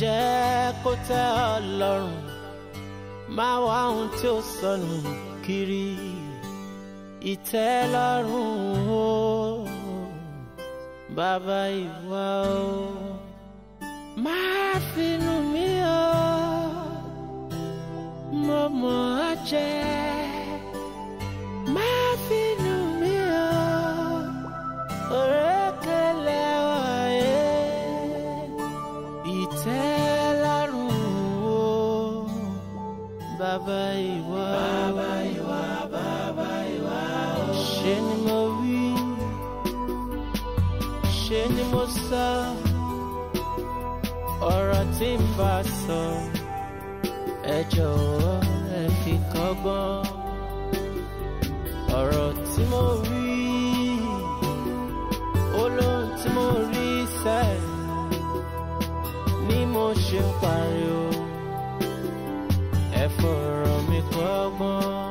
jẹ́ kó tẹ́ ọ lọ́rùn má wá ohun tí ó sọnù kiri ìtẹ́lọ́rùn o bàbá ìwà o má finú mi o mo mọ̀ ọ́ jẹ́ má. bàbá ìwà. bàbá ìwà bàbá ìwà. ṣé ni mo wí ṣé ni mo sá ọ̀rọ̀ tí n bá sọ ẹ jọ̀wọ́ ẹ fi kọ́gbọ́n ọ̀rọ̀ tí mo wí olóhùn tí mo rí sẹ́ẹ̀ ni mo ṣe ń pariwo. for a for kwa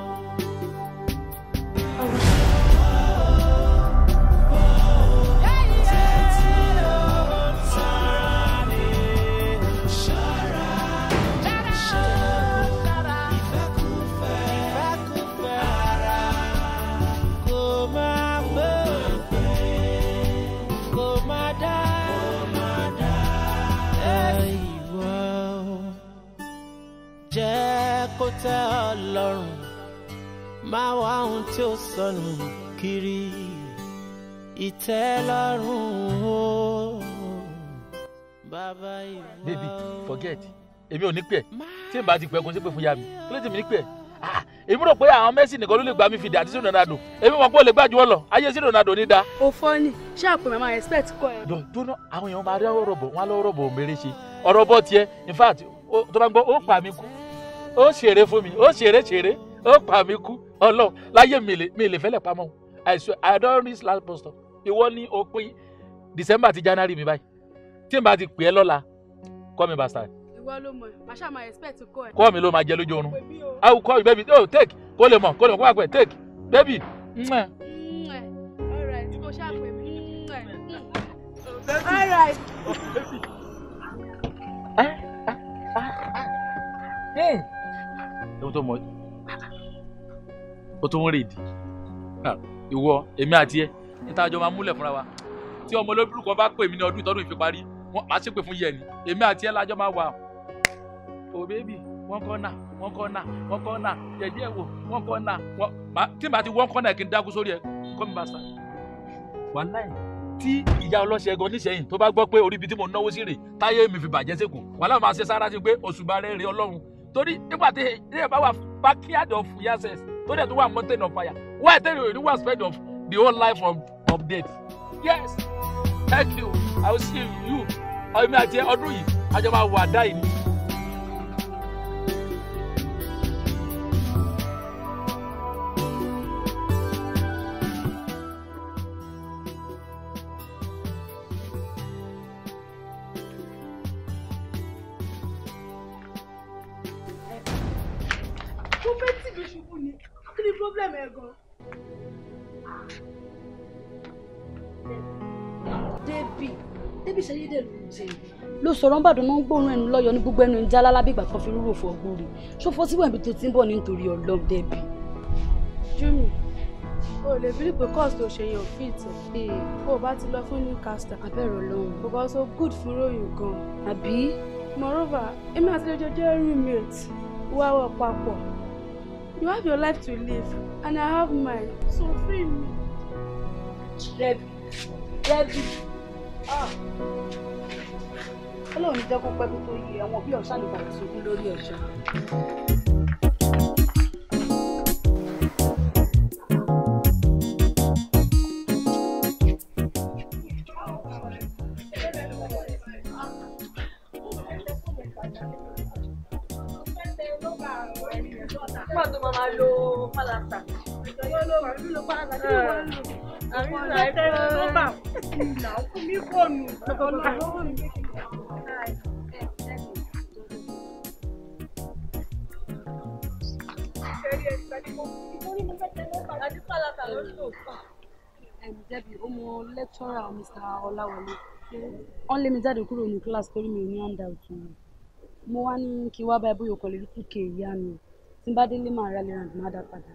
iṣẹ́ ọlọ́run máa wá ohun tí ó sọnù kiri ìtẹ́lọ́rùn o bàbá ìwà o. baby forget èmi ò ní pẹ́ tí n bá ti pẹ́ kó n ṣe pé fún ya mi kí ló ti mi ní pẹ́ ah, èmi rò pé àwọn Messi nìkan ló lè gba mi fìdí àti sí Ronaldo èmi mọ̀ pé ó lè gbàjú ọ lọ ayé sí Ronaldo ní da. o fọ́ ni ṣé àpò màmá respect kọ ẹ. jọ tó ná àwọn èèyàn máa rí ọ̀rọ̀ bọ̀ wọn á lọ ọ̀rọ̀ bọ̀ òmèrè ṣe ọ̀rọ̀ bọ̀ tiẹ̀ in fact tó bá ń gbọ́ ó pa mí kú ó ṣeré fún mi ó ṣeré ṣeré ó pa mí kú ọlọ́run láyé mi lè fẹ́lẹ̀ pamọ́ I swear I don reach last bus stop ìwọ ní òpin December ti January mi báyìí tí n bá ti pè é lọ́la call me bastard. ìwọ ló mọ màṣá máa expect kọ ẹ. kọ́ mi ló máa jẹ lójú oorun I will call you baby oh take kó lè mọ̀ kó lè mọ̀ kó wà pẹ́ take baby. mwah. all right oh, all right. tó mọ o tó ń rèdí ìwọ èmi àti ẹ níta àjọ máa múlẹ̀ fúnra wa tí ọmọ olóbìrú kan bá pè mí ní ọdún ìtọ́dún ìfiparí wọn máa ṣépè fún yẹn ni èmi àti ẹ lájọ máa wà o oh bébì wọn kọ́ náà wọn kọ́ náà wọn kọ́ náà jẹ̀dí ẹ̀ wọn kọ́ náà wọn tí màá ti wọn kọ́ náà kí n dákú sórí ẹ kọ́ mi bá sa wàláì tí ìyá ọlọ́sẹ̀ ẹ̀gọ́ níṣẹ́yìn tó bá gbọ́ pé orí ibi tí mo náwó sí rè táyé mi fi bàjẹ́ sẹ́kù wàhálà máa ṣe sára sí pé òṣùbà rẹ̀ rè ọlọ́run torí nígbà tí ilé bá wà backyard of yases tó dẹ̀ tó wà mountain of fire why tell you you wan spend of the whole life of of death yes thank you i will see you ọmọ àti ọdún yìí àjọba wà dá ìlú. ló sọ̀rọ̀ ń bàdàn náà ń gbóòórùn ẹnu lọ́yọ̀ ní gbogbo ẹnu ìjà lálábí ìgbà kan fi rúrò fọ gbòòrè ṣòfò síwọ̀n ibi tó ti ń bọ̀ nítorí ọlọ́run dẹ́bi. Júmi o lè bí pé course tó ṣe yàn fit ẹ o bá ti lọ fún Newcaster abẹ́rẹ́ ọlọ́run because o good fún ròyìn gan. àbí. moreover èmi àti ọjọ́ jẹ́ roommate wá wọ̀ papọ̀ you have your life to live and I have mine so free me. Debbie Debbie ah. Ọlọ́run ní jẹ́ kó pẹ́ kó tó yí ẹ̀wọ̀n bí ọ̀sán nípa ìṣògùn lórí ọ̀ṣọ́. Quando mamá lo malata. Debi, ó mọ lecturer Mr. Ọláwọlé. Wọ́n mi jáde kúrò ní kíláàsì torí mi ò ní àǹdà òtún mo wá ní kí wá bá bóyá ọkọ lè rí kúkè ìyá mi tí bá délé máa ra ràn má dá padà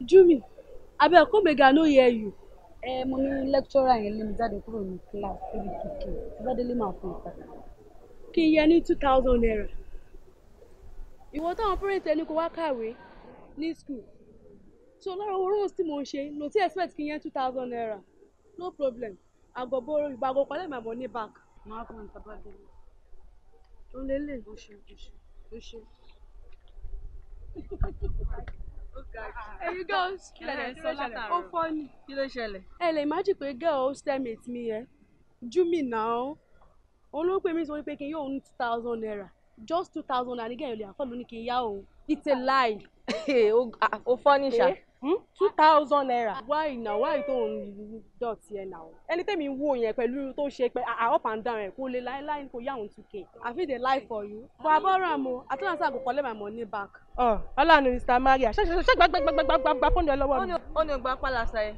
jumi abeg come again no hear you. ẹ mo ní lecturer yẹn lé mi jáde kúrò ní class lórí kìkì tí bá délé máa fún ìpadà. kí n yẹ ní two thousand naira. ìwọ táwọn parent ẹni kò wá kàwé ní school so lára owó rose tí mo ń ṣe no tí expect kí n yẹ two thousand naira no problem agbọ̀bọ̀rọ̀ ìgbàgbọ́ pàdé my money back. màá fún un tábà délé ó lélẹ̀ bó ṣe bó ṣe bó ṣe. ẹyin ah, ah, ah. girls kí lẹ sọ látàrọ ó fọ́ ni kí ló ṣẹlẹ̀. ẹ lè má jì pé girl hostel mi yẹn júmi náà òun ló pè mí sọ pé kí n yóò ní two thousand naira just two thousand naira nígbà yẹn lè àfọ́ lónìí kí n yá òun it's a lie. ó fọ́ ní ṣá. Eh? two thousand naira why na why tó ń dọ̀tí ẹ̀ náà ẹni tẹ́mi wò yẹn pẹ̀lú tó ṣe pé up and down ẹ̀ kò lè láéláé kò yá òun two k. i fit dey lie for you but abọ́rọ̀ àmọ́ àtúnṣe àgùn collect my money back. ọ ọlànà mr maria ṣe ṣe ṣe gbàgbàgbàgbàgbà fóònù ẹ lọ́wọ́ mi. ó ní ó gbà pálásá ẹ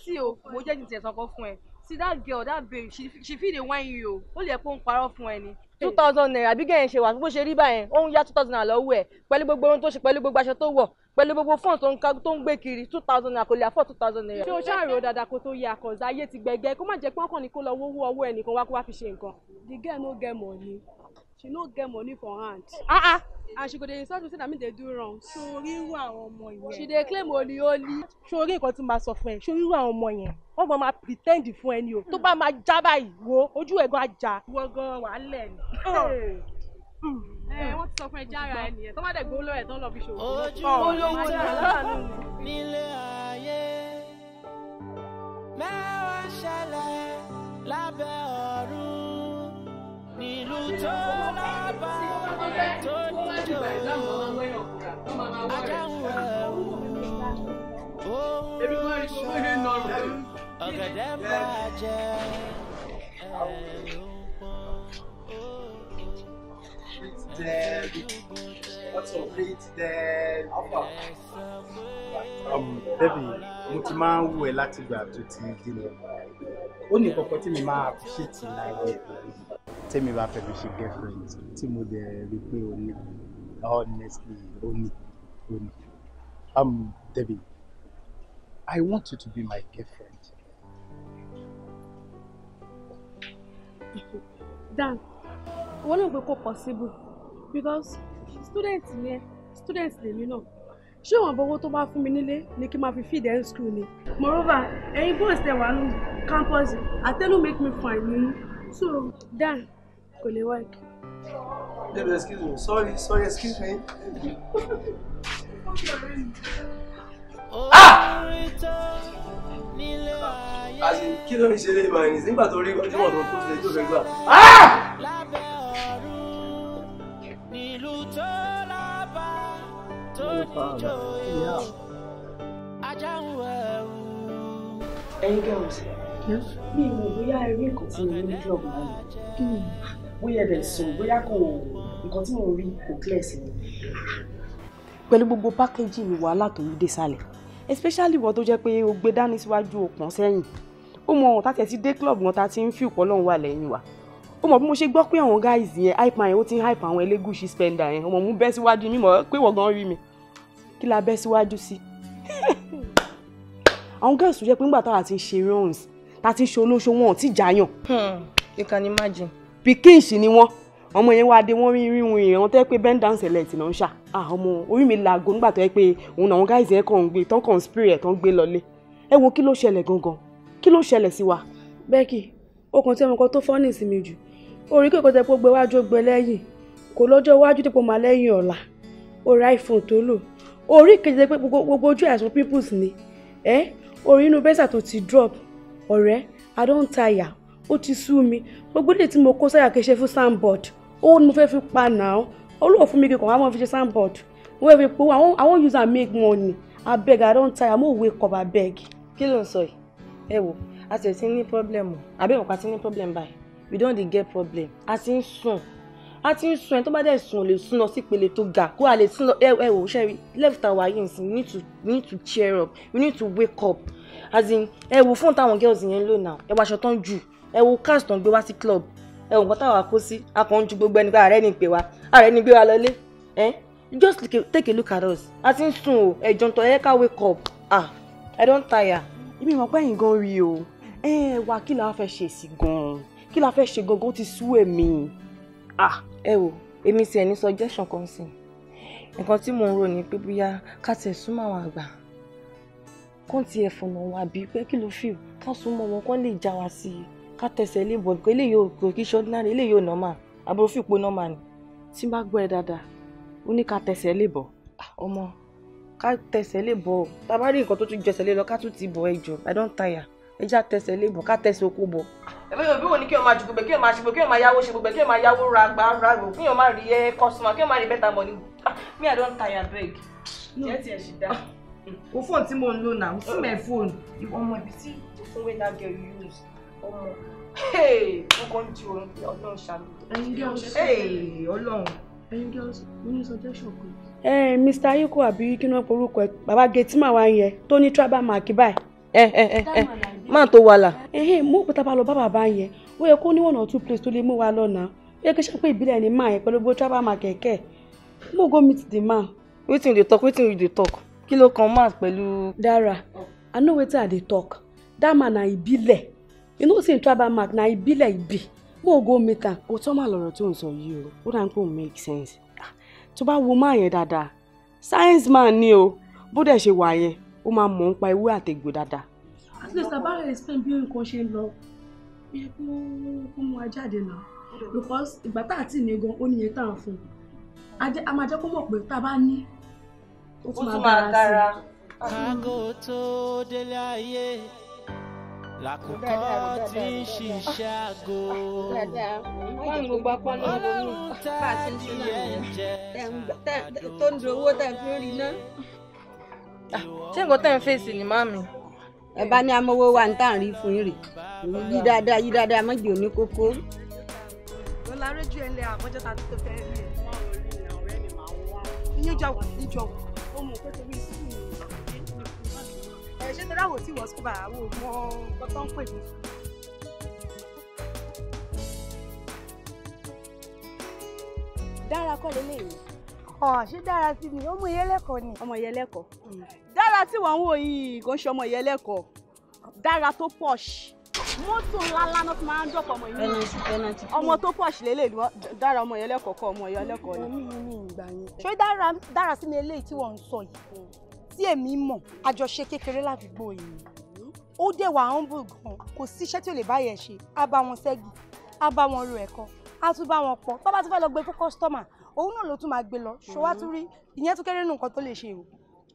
sí o mo jẹ́ jìntì ẹ̀sán kan fún ẹ see that girl that babe she she feel dey whine you o ó lè pọ́n parọ́ fún ẹni. two thousand naira bí gẹ̀yìn ṣe wà bó ṣe rí báyẹn ó ń yá two thousand naira lọ́wọ́ ẹ̀ pẹ̀lú gbogbo ohun tó ṣe pẹ̀lú gbogbo aṣọ tó wọ̀ pẹ̀lú gbogbo fọ́ọ̀n tó ń ká tó ń gbé kiri two thousand naira kò lè afford two thousand naira. ṣé o ṣàrò dáadáa kó tó yẹ àkànṣe ayé ti gbẹgẹ kó má jẹ́ pé ọkàn ní kó lọ wọ́wọ́ ọwọ́ ẹnìkan wá kó wá fi ṣe nǹkan. the girl no get money she no get money for hand. Uh-uh. and she go dey insult me say na me dey do wrong. sori irú àwọn ọmọ yẹn. she dey claim oli oli. sori nǹkan tí màá sọ fún ẹ sori irú àwọn ọmọ yẹn wọn gbọ́n máa pre ten d fún ẹni o tó bá máa já báyìí wo ojú ẹ̀ gan ajá. wọ́gán wàhálẹ̀ ni ah. hmm. wọ́n ti sọ fún ẹ jára ẹ nìyẹn tó má dẹ̀ gbó lọ́wọ́ ẹ̀ tán lọ fi ṣòwò. ojú olówó nílé ayé mẹ́wàá ṣẹlẹ̀ lábẹ́ ọ̀run nílùú tó lábà tó níjó ajáhùn ẹ̀ ó ń sọ ọ̀gẹ̀dẹ̀ What's your faith dead? Alpha. Um, baby, mo ti máa ń wù ẹ́ láti gbà tó ti dé lọ. Ó ní kọ̀kọ́ tí mi máa appreciate láìpẹ́ ìgbà tèmi bá fẹ́ mi ṣe girlfriend tí mo dẹ̀ rí pé o ní honestly o ní o ní um Debbie I want you to be my girlfriend. Dan wọn náà pé kò possible because student ni ẹ student lèmi náà ṣé ìwọ̀n owó tó bá fún mi nílé ni kí n máa fi feed end school ni. moreover ẹ̀yin boys tẹ wà ní campus atẹnu make me fine nínú so Dan kò lè work. excuse me. Sorry, sorry, excuse me. ah! Àṣì kí ló ń ṣe lé ìbàyẹn nìsí nígbà tó rí ọdún ọ̀dọ̀ tó ṣe tó fẹ́ gbà. Ah! Ẹyin girls, mi ò mọ̀ bóyá ẹ rí nǹkan tí mo ní club náà bóyá ẹbẹ̀ sọ bóyá kò nǹkan tí mò ń rí kò clear sí mi. pẹ̀lú gbogbo pákéjì ni wàhálà tó ń dé sálẹ̀ especially wọ́n tó jẹ́ pé o gbé dání síwájú òpọ̀n sẹ́yìn ó mọ ohun tàtẹ̀ ti dé club wọn ta ti ń fi ìpọ́lọ́hún wà lẹ́yìn wa ó mọ̀ bí mo ṣe gbọ́ pé àwọn guys yẹn hype man yẹn ó ti ń hype àwọn Elégùṣì spender yẹn ọmọ mú bẹ́ síwájú mi mọ̀ pé wọ́n gan rí mi kí la bẹ́ síwájú sí àwọn girls tó jẹ́ pé ńgbà táwa ti ń ṣe runs ta ti ń ṣe olóṣó wọn ò tí ì jáyàn. Hmm, you can imagine pikin sì ni wọ́n ọmọ yẹn wá dé wọ́n rí rí wọn èèyàn tẹ́ pé bend down select náà ń ṣà ọmọ orí mi laago nígbà tó yẹ pé òun àwọn guys yẹn kàn ń gbé tán kàn ń spirit ẹ̀ tán gbé lọlé ẹ wo kí ló ṣẹlẹ̀ gangan kí ló ṣẹlẹ̀ sí wa. Becky okùn tí ọmọ kan tó fọ́nì sí mi jù orí kò kọ́tẹ́ pé ó gbé wájú ó gbé lẹ́yìn kò lọ́jọ́ iwájú dípò máa lẹ́yìn ọ̀la orí iPhone tó lò orí kejì pé gbogbo ojú àìsàn pimples ni ẹ orí inú bẹ́sà tó ti drop ọ̀rẹ́ I don tire ó ti sú mi gbogbo ilé tí mo kó sáyà kí n ṣe fún sandboard owó ni mo fẹ́ fi pa náà olóò fún mi kíkan àwọn fi ṣe sandboard wọ́n fi pé àwọn user make money abeg i don tire mo wake up abeg. kí ló ń sọ yìí ẹ wò a sì ti ní problem o àbẹ̀wò ká ti ní problem báyìí we don dey get problem a ti ń sùn a ti ń sùn ẹ tó bá dẹ̀ sùn lè sùn lọ sí ìpele tó ga kó a lè sùn lọ ẹ wò ṣe left and right we need to we need to cheer up we need to wake up as in ẹ wò fóònù táwọn girls yẹn ń lò náà ẹ wàṣọ tán jù ẹ wo cast gbé wá sí club ẹ wo nǹkan táwa kó sí a ń ju gbogbo ẹni pé ààrẹ ní ìpè wa ààrẹ ní gbé wa lọlé ẹ just take a look at us a ti ń sùn o ẹjọ tó ẹ wake up ah i don tire. ibi ìmọ̀ pẹ́yìn gan rí o ẹ wá kí la fẹ́ ṣe sí gan-an kí la fẹ́ ṣe gangan ti sú èmi ah ẹ wo èmi sì ẹ̀ ní suggestion kan sí nǹkan tí mò ń rò ní pé bóyá ká tẹ̀ súnmọ́ àwọn àgbà kó tiẹ̀ fọ̀nà wọn àbí pé kí ló fìwé ká wọn kó lè já wa sí i ká tẹsẹ̀ lé bọ̀ pé eléyìí kò kí ṣọ́dínárì eléyìí ò nọ́mà àbúrò fìpò nọ́mà ni tí n bá gbọ́ ẹ dáadáa ó ní ká tẹsẹ̀ lé bọ̀ ah, ọmọ ká tẹsẹ̀ lé bọ̀ tá a bá rí nǹkan tó tún jẹsẹ̀ lé lọ ká tún ti bọ̀ ẹ jọ I don't tire ẹ já tẹsẹ̀ lé bọ̀ ká tẹsẹ̀ oko bọ̀. ẹ̀fọ́ yóò bí wọn ní kí wọ́n máa jùgbẹ́ kí wọ́n máa ṣùgbẹ́ kí wọ́n máa yáwó ṣùgbẹ́ kí wọ́n máa yáwó ra gba ra rò kí wọ́n máa rí ẹ eh, customer kí wọ́n máa rí better money ah, me I don't tire beg. jẹ́ tiẹ̀ ṣì dá. Ah, o fóònù tí mo ń lò náà o fún mi ẹ̀ fóònù. ọmọ ibi tí o fún wey that girl you use ọmọ wọn kàn ń di orin ọlọ́run ṣàlù. ẹyin girls ọlọ́run ẹyin girls mo ní suggestion kan. ẹ ẹ Mr. Ayiko àbí kí wọn porúkọ ẹ bàbá gẹtìmá wa yẹn tó ní tribal mark báyìí ẹ ẹ ẹ ẹ máa tó wàhálà. ẹhìn mú òkúta bá lọ bá bàbá yẹn ó yẹ kó ní one or two place tó lè mú wa lọ́nà ó yẹ kí sẹ́pẹ́ ìbílẹ̀ ni máa yẹn pẹ̀lú gbogbo tribal mark kẹ̀kẹ́ mo go meet the man. wetin you dey talk wetin you dey talk kí ló kan man pẹ̀lú. Dara I know wetin I dey talk that man na ìbílẹ̀ you know say tribal mark na e be like be mo go meet am o tọ́ máa lọ̀rọ̀ tí ò ń sọ yìí o ó dà ń pò make sense ah, tó bá wo máa yẹn dáadáa science man ni o bó dẹ̀ ṣe wà yẹn ó máa mọ̀ ń pa ewé àtẹ̀gbò dáadáa. at least abára explain bí nǹkan ṣe ń lọ bí ẹ kó kó mu ajáde náà because ìgbà tá a ti ní gan ó nìyẹn tá à fún un a máa jẹ́ kó mọ̀ pé tá a bá ní ó tún máa bára sí i làkùkọ tí ń ṣiṣẹ́ àgò. ọlọ́run tá a ti yẹ tó ń dowó tẹ̀ fi rí ná. Ah, ah, ẹ bá ní amówó wa ní rí fún yín rè yí dáadáa yí dáadáa má òní kókó. ló la rédíò ẹ̀ lẹ àmọ́jọ́ ta tó fẹ́ rí ẹ̀. ìyẹn jọ wà níjọ wà ó mọ̀ pé torí ìsúkú mi ṣe torí àwọn tí wọ́n sùkúbà àwọn ò mọ nǹkan tó ń pè mí. dára kọ́ lélẹ́yìí ọ̀ṣí dára sí ni ọmọ ìyẹlẹ́kọ̀ ni. ọmọ ìyẹlẹ́kọ̀ mm. dára tí wọ́n ń wò yìí kò ń ṣe ọmọ ìyẹlẹ́kọ̀ dára tó pọ̀ṣì mọ́tò ńlá ńlá náà ti máa ń dọ̀pọ̀ ọmọ yìí ọmọ tó pọ̀ṣì lélẹ̀ dára ọmọ ìyẹlẹ́kọ̀ kọ́ ọmọ ìyẹlẹ́kọ̀ ni. ṣé dára sí ni eléyìí tí wọ́n ń sọ yìí mm tí èmi mọ̀ àjọṣe kékeré ládùúgbò yìí ó dẹ̀ wà humble gan kò sí iṣẹ́ tí ò lè bá yẹn ṣe á bá wọn ṣẹ́gi á bá wọn ro ẹ̀kọ́ á tún bá wọn pọ̀ tó bá tún fẹ́ lọ gbé fún kọ́sítọ́mà òun náà ló tún máa gbé lọ ṣọwá tún rí ìyẹn tún kéré nù nǹkan tó lè ṣe o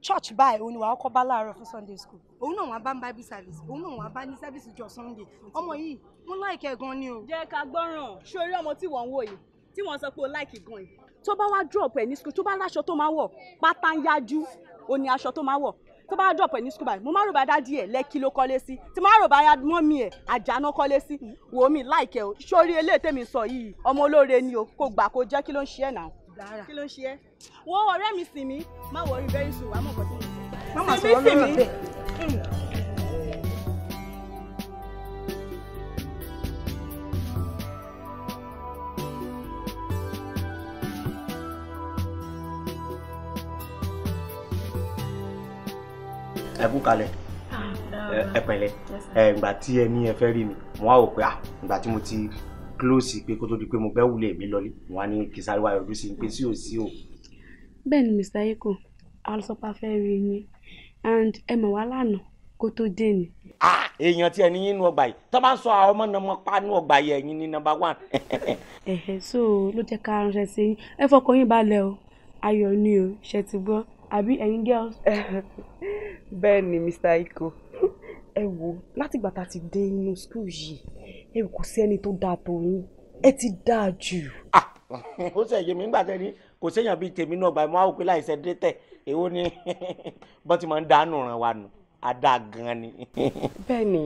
church báyìí òun ni wàá kọ́ bá láàárọ̀ fún sunday school òun náà wàá bá ń bible service òun náà wàá bá ní service jọ sunday ọmọ yìí mo like ẹ gan ni o. jẹ́ ká gbọ́ràn sórí ọmọ tí wọ́n ń wò yìí tí wọ́n sọ pé o like gan yìí tó bá wá drop ẹ̀ ní school tó bá láṣọ tó máa wọ̀ pátá yájú ó ní aṣọ tó máa wọ̀ tó bá drop ẹ̀ ní school báyìí mo máa rò bá dádì ẹ̀ lẹ́kí ló kọ́lé sí tí máa rò ya mọ́ mi ẹ̀ àjànà kọ́lé sí wò mí láìkẹ́ o sórí eléyìí tèmi sọ yìí ọmọ olóore ni o kò gbà kó jẹ́ kí ló ń ṣe ẹ̀ náà. kí ló ń ṣe ẹ́ wo ọ̀rẹ́ mi Simi má wọrí bẹ́ẹ̀ sùn wàá mọ̀ kọ́ sí mi. má mà sọ̀rọ̀ lọ́rọ̀ bẹ́ẹ̀. Ah, ẹ kú kalẹ̀ ẹ tí ẹ ní ẹ fẹ́ rí mi mo wá pé à ah, ìgbà tí mo ti close pé kó tó di pé mo bẹ́ wulẹ̀ mi lọlé mo wá ní kí sáré wá yọjú sí i pé sí ò sí o. bẹ́ẹ̀ ni Mr. Eko alọ́sọ́pá fẹ́ rí yín and ẹ mọ̀ wá lánàá kó tó dé ni. Ah, èèyàn tí ẹ ní nínú ọgbà yìí tó bá sọ àwọn ọmọ náà mọ pánú ọgbà yìí ẹ̀yin ní nọ́mbà one. ẹ̀hẹ̀ so ló jẹ́ ká ránṣẹ́ sí yín ẹ fọkàn yín balẹ̀ o ayọ̀ ni o ṣe ti gbọ́ àbí ẹ̀yin girls. bẹ́ẹ̀ ni Mr. Iko ẹ wo látìgbà tá a ti dé inú school yìí ẹ kò sí ẹni tó dáa tó yín ẹ ti dáa jù. Ah! ó ṣe èyí mi nígbà tẹ́ ni kò séèyàn bíi tèmi náà báyìí mo á wò pé láìsẹ̀ dé tẹ̀ èwo ni bọ́n ti máa ń dánù ràn wá nù adá gan ni. bẹ́ẹ̀ ni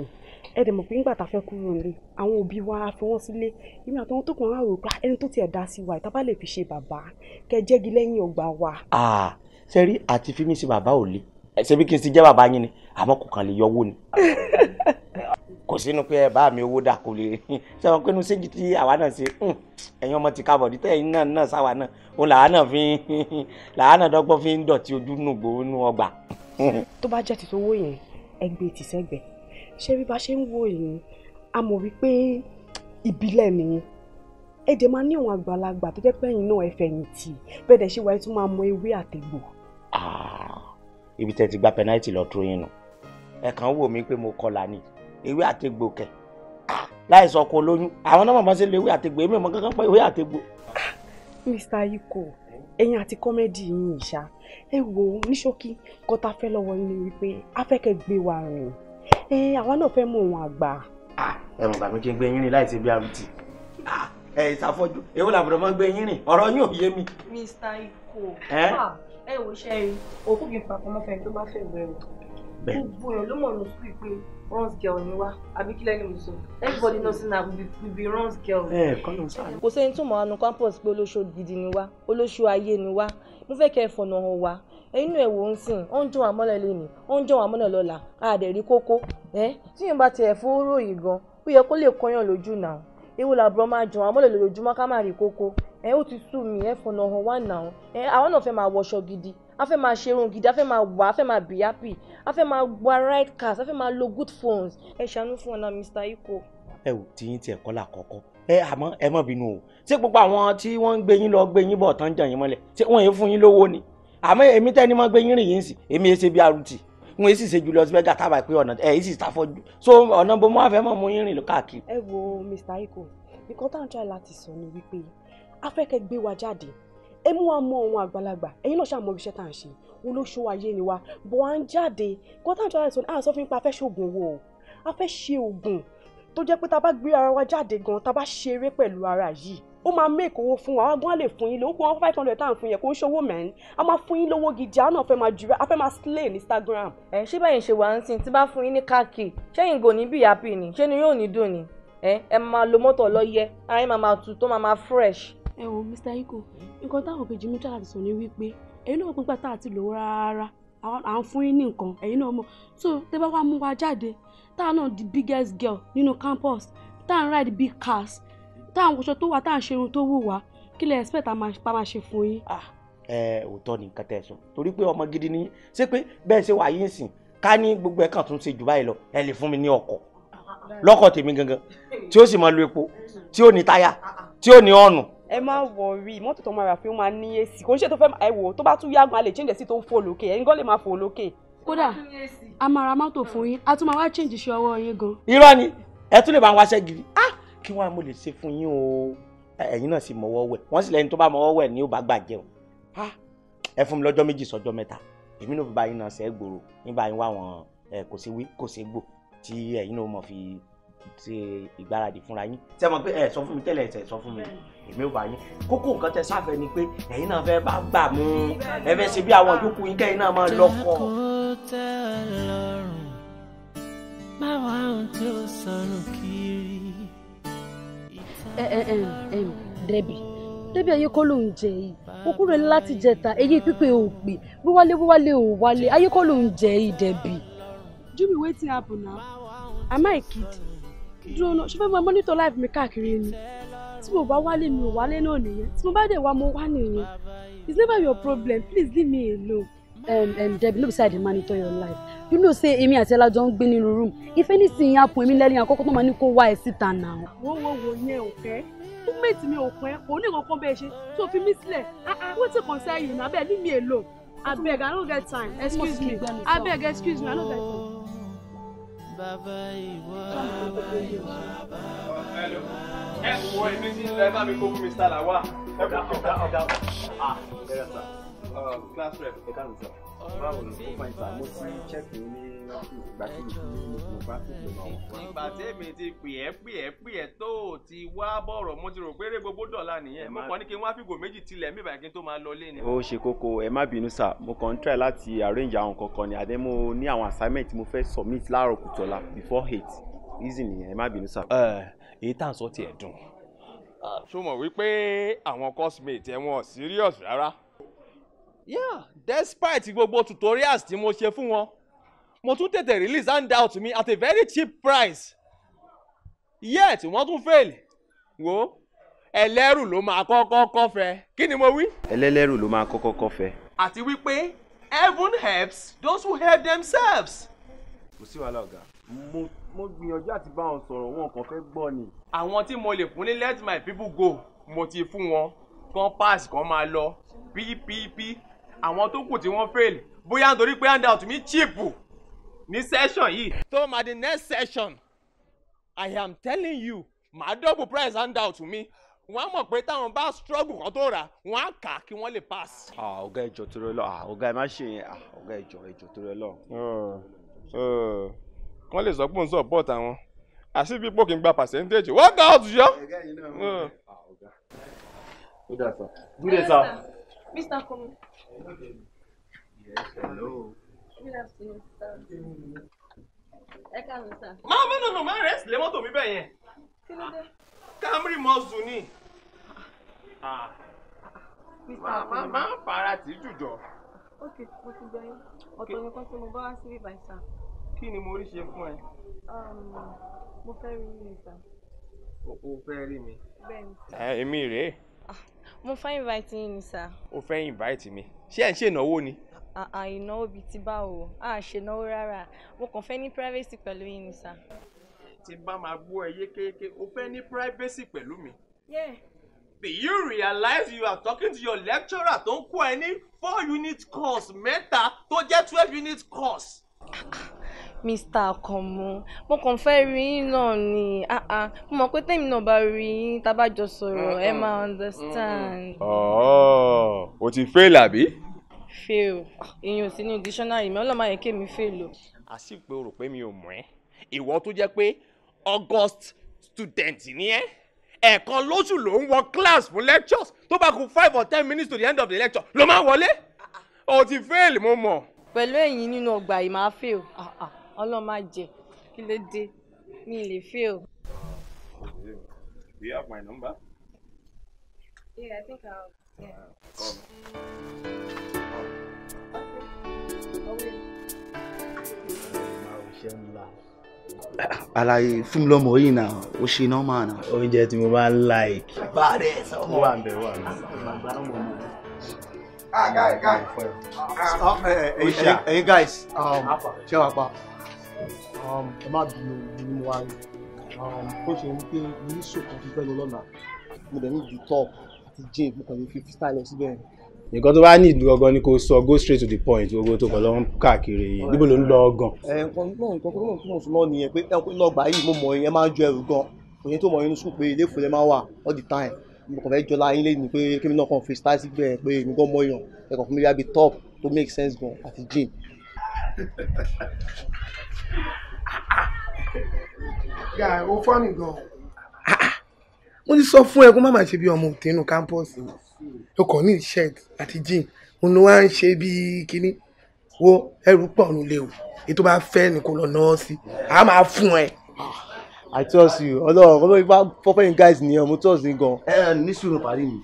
ẹ dẹ̀ mọ̀ pé nígbà tá a fẹ́ kúrò nílé àwọn òbí wa fi wọ́n sílé èmi àtàwọn tó kàn án rò pé ah, ẹni tó tiẹ̀ dá sí wa ìta bá lè fi ṣe bàbá kẹ jẹ́gi lẹ́yìn ọgbà wa. Ah! ṣe rí àti fi mí sí bàbá ò le ṣe bí kí n ti jẹ́ bàbá yín ni àmọ́ kò kàn lè yọ owó ni kò sínú pé ẹ bá mi owó dà kò lè ṣe wọn pinnu séjì tí àwa náà ṣe ẹ̀yin ọmọ ti kábọ̀ dítẹ́ ẹ̀yin náà náà sáwa náà òun làwa náà fi làwa náà dọ́gbọ́n fi ń dọ̀tí ojú nù gbóòórùn ọgbà. tó bá jẹ́ tìtòwó yẹn ẹgbẹ́ e tìṣẹ́gbẹ́ ṣé bí bá ṣe ń wo èyí a mọ̀ wípé ìbílẹ̀ nìyẹn ẹ máa ní àwọn àgbàlagbà tó jẹ́ pẹ́yìn náà ẹ bẹ́ẹ̀ dẹ̀ ṣe wáyé tó máa mọ ewé àtẹ̀gbò Ah, ibi tẹ́ ti gba pẹ́náìtì lọ tó yín nu ẹ kàn wò mí pé mo kọlà ni ewé àtegbò kẹ̀ ah, láì sọ kó lóyún àwọn náà mọ̀ sí ewé àtegbò èmi mọ̀ kankan pé ewé àtegbò. Ah, Mr. Iko ẹ̀yin àti kọ́mẹ́dì yín ìṣá ẹ wo ní ṣókí kọ́ ta fẹ́ lọ́wọ́ ni wípé afẹ́kẹ́ gbé wa rìn ẹ àwa náà fẹ́ mú òun àgbà. ẹ mọ̀ bàmí kí n gbé yín rìn láì ṣe bí àrùtì ẹ ìsàfọ́jú èwo làbùdó máa ń gbé yín rìn ọ̀rọ̀ yín ò yé mi. Mr. Iko. Eh? Ah ẹ wò ṣe rí òkú kì í fà pamọ́ fẹ́ni tó bá fẹ́ wẹ̀ o gbogbo èèyàn ló mọ̀ ní sùkúl pé runs girl ni wá àbí kílẹ̀ ni mo sọ everybody knows say na we be runs girl. ẹ kọ́ ló ń sọ àná. kò sẹ́ni tó mọ̀ anu campus pé olóṣó gidi ni wá olóṣó ayé ni wá mo fẹ́ kẹ́ ẹ fọ̀nà hàn wá inú ẹ̀ wò ń sìn ó ń jọ wà mọ́lẹ̀ lónìí ó ń jọ wà mọ́lẹ̀ lọ́la àdẹ̀rí kókó ẹ tí yóò bá tiẹ̀ fóró yìí gan ó yẹ kó lè kọyàn lójú náà ewu làbúrò máa jọ wà mọ́lẹ̀ lójoojúmọ́ ká má rí kókó ẹ ó ti sú mi ẹ fọ̀nà hàn wá nà án ẹ àwọn náà fẹ́ máa wọṣọ gidi a fẹ́ máa ṣerun gidi a fẹ́ máa wà a fẹ́ máa be happy a fẹ́ máa gba right cars a fẹ́ máa lo good phones ẹ ṣàánú fún ọ̀nà Mr. Iko. ẹ ò tí yín tiẹ̀ kọ́ là kọ́kọ́ ẹ àmọ́ ẹ má bínú o ṣé gbogbo àwọn tí wọ́n ń gbé yín lọ gbé yín bọ̀ tán jàn yín mọ́lẹ̀ ṣé wọ́n yẹn fún yín lówó ni àmọ́ èmi tẹ́ni mọ́ gbé yín rìn yín sí èmi èsè bíi arúntì wọn èsì ṣe Julius Berger tábà pé ọ̀nà ẹ̀ èsì ṣàfọ́jú so ọ̀nà bomọ́ àfẹ́mọ́ mú yín rìn káàkiri. ẹ wo Mr. Iko nǹkan tá à ń try láti sọ ni wípé afẹ́kẹ́ gbé wa jáde ẹ mú wa mọ ohun àgbàlagbà ẹ̀yin náà ṣàmọ iṣẹ́ tá à ń ṣe olóṣó ayé ni wa bọ̀ à ń jáde kọ́tà ìjọba ìsọ̀nù àá sọ fún ipa afẹ́ ṣoògùn owó o afẹ́ ṣe oògùn tó jẹ́ pé tá a bá gbé ara wa jáde gan tá a bá ṣeré pẹ̀lú ara yìí ó máa make owó fún wa àwọn agbọ́n lè fún yín lówó kún wọn five hundred tá à ń fún yẹn kó ń ṣòwò mẹ́rin a máa fún yín lówó gidi àwọn náà fẹ́ máa jù a fẹ́ máa slay ní Instagram. ẹ ṣé báyìí ṣe wà ń sìn tí bá fún yín ní káàkiri ṣẹ́yìn gò ní bí happy ni ṣé ni yóò ní dùn ni ẹ ẹ máa lo mọ́tò ọlọ́yẹ ara máa máa tu tó máa máa fresh ẹ wo Mr. Iko nǹkan táwọn kejì mi tàbí sọ ni wípé ẹ̀yin náà pípa tá a ti lò rárá à ń fún yín ní nǹkan ẹ̀yin náà mọ̀ so tẹ́ bá wá mú wa jáde táà náà the biggest girl nínú campus táà ń ride big cars táà ń wọṣọ tó wà táà ń ṣerun tó wù wá kí lẹ expect pa máa ṣe fún yín. Ah, ẹ òótọ́ ni nǹkan tẹ̀ sùn torí pé ọmọ gidi ni ṣé pé bẹ́ẹ̀ ṣe wà yín sìn ká ní gbogbo ẹ̀ kàn tún ṣe jù báyìí lọ ẹ lè fún mi ní ọkọ̀ ah, ah, lọ́kọ̀ tèmi gangan tí ó sì máa lo epo tí ó ní táyà tí ó ní ọ̀nù ẹ má wọrí mọ́tò tó máa rà fún máa ní èsì kò ń ṣe tó fẹ́ ẹ wò tó bá tún yàgùn a lè change sí tó ń fò lókè ẹ̀yin gan lè máa fò lókè. kódà a máa ra mọ́tò fún yín a tún máa wá change iṣẹ́ ọwọ́ yín gan. irọ́ ni ẹ tún lè máa wáṣẹ́ gidi ah! kí wọ́n á mo lè ṣe fún yín o eh, ẹ̀yin náà sì mọ̀wọ́ wẹ̀ wọ́n sì lẹ́yìn tó bá mọ̀wọ́ wẹ̀ ní ò bá gbàjẹ́ o ah! ẹ fún mi lọ́jọ́ méjì sọ́jọ́ mẹ́ta èmi ṣe ìgbáradì fúnra yín ṣe mọ̀ pé ẹ sọ fún mi tẹ́lẹ̀ ẹ sọ fún mi èmi ò bá yín kókó nǹkan tẹ sáfẹ́ ni pé ẹ̀yin náà fẹ́ bá gbà mú ẹ fẹ́ ṣe bí àwọn yòókù yín kẹ́yìn náà máa lọ́kọ̀. báwa ń tó sọnù kiri. ẹ ẹ ẹ ń jẹ yìí okú rẹ láti jẹta eyín pípé ò pè wíwálé wíwálé ò wálé ayé ń jẹ yìí dẹbi. jumi wetin happen na am i kid dúró náà ṣe fẹ́ máa mọ́nítọ̀ life mi káàkiri ni tí mo bá wálé mi ò wálé náà nìyẹn tí mo bá dẹ̀ wá mo wá nìyẹn it's never your problem please leave me alone. Um, um, Debbie no be say I dey monitor your life you know say èmi àti Ẹlá jọ ń gbé nínú room if anything happen èmi lẹ́yìn àkọ́kọ́ tó máa ní kó wá ẹ síta náà. wo wo wo yẹn ò fẹ́ roommate mi ò pẹ́ òun ní kankan bẹ́ẹ̀ ṣe tó fi mí sílẹ̀ ah, ah, wetin concern you na bẹ́ẹ̀ leave me alone abeg I no get time excuse me abeg excuse me I no get time bàbá ìwà bàbá ìwà bàbá ìwà. ẹ wọ ẹni tí ẹ bá mi kó fún Mr. Lawal ẹ kò kí ọ̀gá ọ̀gá. Ah, um, class rep ẹ dáhùn sọ báwo ni kó fa ìgbà mo ti chẹ́kì ní ìgbà tí mo bá ti pè náà. ìgbà tèmi ti pè ẹ́ pè ẹ́ pè ẹ́ tó o ti wá bọ̀rọ̀ mo ti rò pé eré gbogbo dọ̀la nìyẹn mo kàn ní kí n wá fìgò méjì tilẹ̀ mí báyìí kí n tó máa lọ ni. ó ṣe kókó ẹ má bínú sà mo kàn ń try láti arrange àwọn kankan ni àdé mo ní àwọn assignment mo fẹ́ submit láàárọ̀ kùtọ́lá before eight easy nìyẹn ẹ má bínú sà. èyí tá à ń sọ tiẹ̀ dùn. ṣó mọ̀ wípé àwọn cosmate ẹ̀ wọn serious rárá yeah despite gbogbo tutorials tí mo ṣe fún wọn mo tún tètè release handout mi at a very cheap price yet wọ́n tún fail wo ẹlẹ́rù ló máa kọ́kọ́ kọ́fẹ́ kí ni mo wí. ẹlẹ́lẹ́rù ló máa kọ́kọ́ kọ́fẹ́. àti wípé heaven helps those who help themselves. kò sí wàhálà ọ̀gá mo mo gbìyànjú àti bá wọn sọ̀rọ̀ wọn kàn fẹ́ gbọ́ ni. àwọn tí mo lè fún ní let my people go mo ti fún wọn kan pass kan máa lọ ppp àwọn tó kù tí wọ́n fail bóyá nítorí pé handout mi cheap ní session yìí. so ma the next session i am telling you màá double price handout mi wọ́n á mọ̀ pé táwọn bá struggle kan tó rà wọ́n á kà kí wọ́n lè pass. ọ̀gá ẹ̀jọ̀ torí ọlọ́run ọ̀gá ẹ̀ má ṣe yẹn ọ̀gá ẹ̀jọ̀ ẹ̀jọ̀ torí ọlọ́run. wọ́n lè sọ pé òun support àwọn àti bí pòkì ń gba percentage wọ́n gà ọ̀tún yọ. good day sir. mr komi Yes, hello. Good afternoon, sir. Ẹ káàánú sir. Má má nà nà má rest lé mọ́tò mi bẹ́ẹ̀ yẹn. Kí ló dé? Camry mọ́sù ni. Ah. Ah. Má má má fara tì í jùjọ. Ok, mo ti gbọ́ yín. Ọ̀tọ̀ ni kan tí mo bá wá sí bíbá ìsà. Kí ni mo rí ṣe fún ẹ? Um, mo fẹ́ rí yín sir. O fẹ́ rí mi. Bẹ́ẹ̀ni. Eh, èmi rèé. Ah, mo fẹ́ invite yín ni sir. o fẹ́ invite mi ṣé ẹ̀ ń ṣe ìnáwó ni. Ah, ah, ìnáwó bíi ti báwo a ṣe náwó rárá mo kàn fẹ́ ní privacy pẹ̀lú yín ni sir. tí n bá máa gbọ́ ẹ yékéyéké o fẹ́ ní privacy pẹ̀lú mi. yeah. Do you realize you are talking to your lecturer tó ń kó ẹ ní four unit course mẹ́ta tó jẹ́ twelve unit course. Mr. Akànmú mo kàn fẹ́ rí yín náà ni mo mọ̀ pé tẹ́mi náà bá rí yín tá a bá jọ sọ̀rọ̀ ẹ máa understand. Oh, o ti fail àbí. fail ìyẹn ò sí ní dictionary mi ọlọ́mọ ayẹ̀kẹ́ mi fail o. àsìkò rò pé mi ò mọ̀ ẹ́ ìwọ tó jẹ́ pé august student ni ẹ́ ẹ̀ẹ̀kan lóṣù ló ń wọ class fún lectures tó bá kù five or ten minutes to the end of the lecture ló máa wọlé o ti fail mo mọ̀ pẹ̀lú ẹ̀yin nínú ọgbà yìí ah, ah, máa fail ọlọ́run má jẹ́ kí ló dé mi lè fail. Do you have my number? Yeah, I think I'll. Yeah. Uh, call fún mi lọmọ yìí náà ó ṣe normal náà. oúnjẹ tí mo bá ń like. bá a dẹ̀ sọ́mọ́. wà á bẹ̀ wà á bẹ̀ ah guys guys ẹyin guys ṣé wàá pa um, ẹ má bí o ní mo wá rí um, bó ṣe ń pé ní sòkò fífẹ́ lọ lọ́nà mo dẹ̀ ní ìdí tọ́ àti jane mo kàn ní fífi style síbẹ̀ to tó bá ní ìlú to ni kò sọ go straight to the point gbogbo tó kàn lọ ń káàkiri yìí níbo ló ń lọ ọgán. ẹ nǹkan náà nǹkan tó náà túmọ̀ súnmọ́ nìyẹn pé ẹ lọ́gbàá yìí mo mọ̀ ẹ máa ń jọ ẹrù gan-an òye tó mọ̀ ẹ ní sùn pé ilé ìfòlẹ́ máa wà all the time mo kàn fẹ́ jọlá yín lẹ́nu pé kémi náà kàn fi style sí bẹ́ẹ̀ pé èmi gan mọ̀yàn ẹ̀kọ́ fún mi bí abi top tó make sense gan àti gym. guy o fọ́nì gan. mo ti sọ fún ẹ kó má máa ṣe bí ọmọ òtẹ́nu kámpọ́ọ̀sì o kàn ní shirt àti gym mo ní wá ń ṣe bí kinní wo ẹrù pọ̀ nílé o ètò bá fẹ́ ni kò lọ náà sí a máa fún ẹ. I trust you Ọlọ́run kọ́ ló bá fọ́fẹ́ yín guys nìyẹn mo trust yín gan. ẹ ẹ ní sùúrù parí mi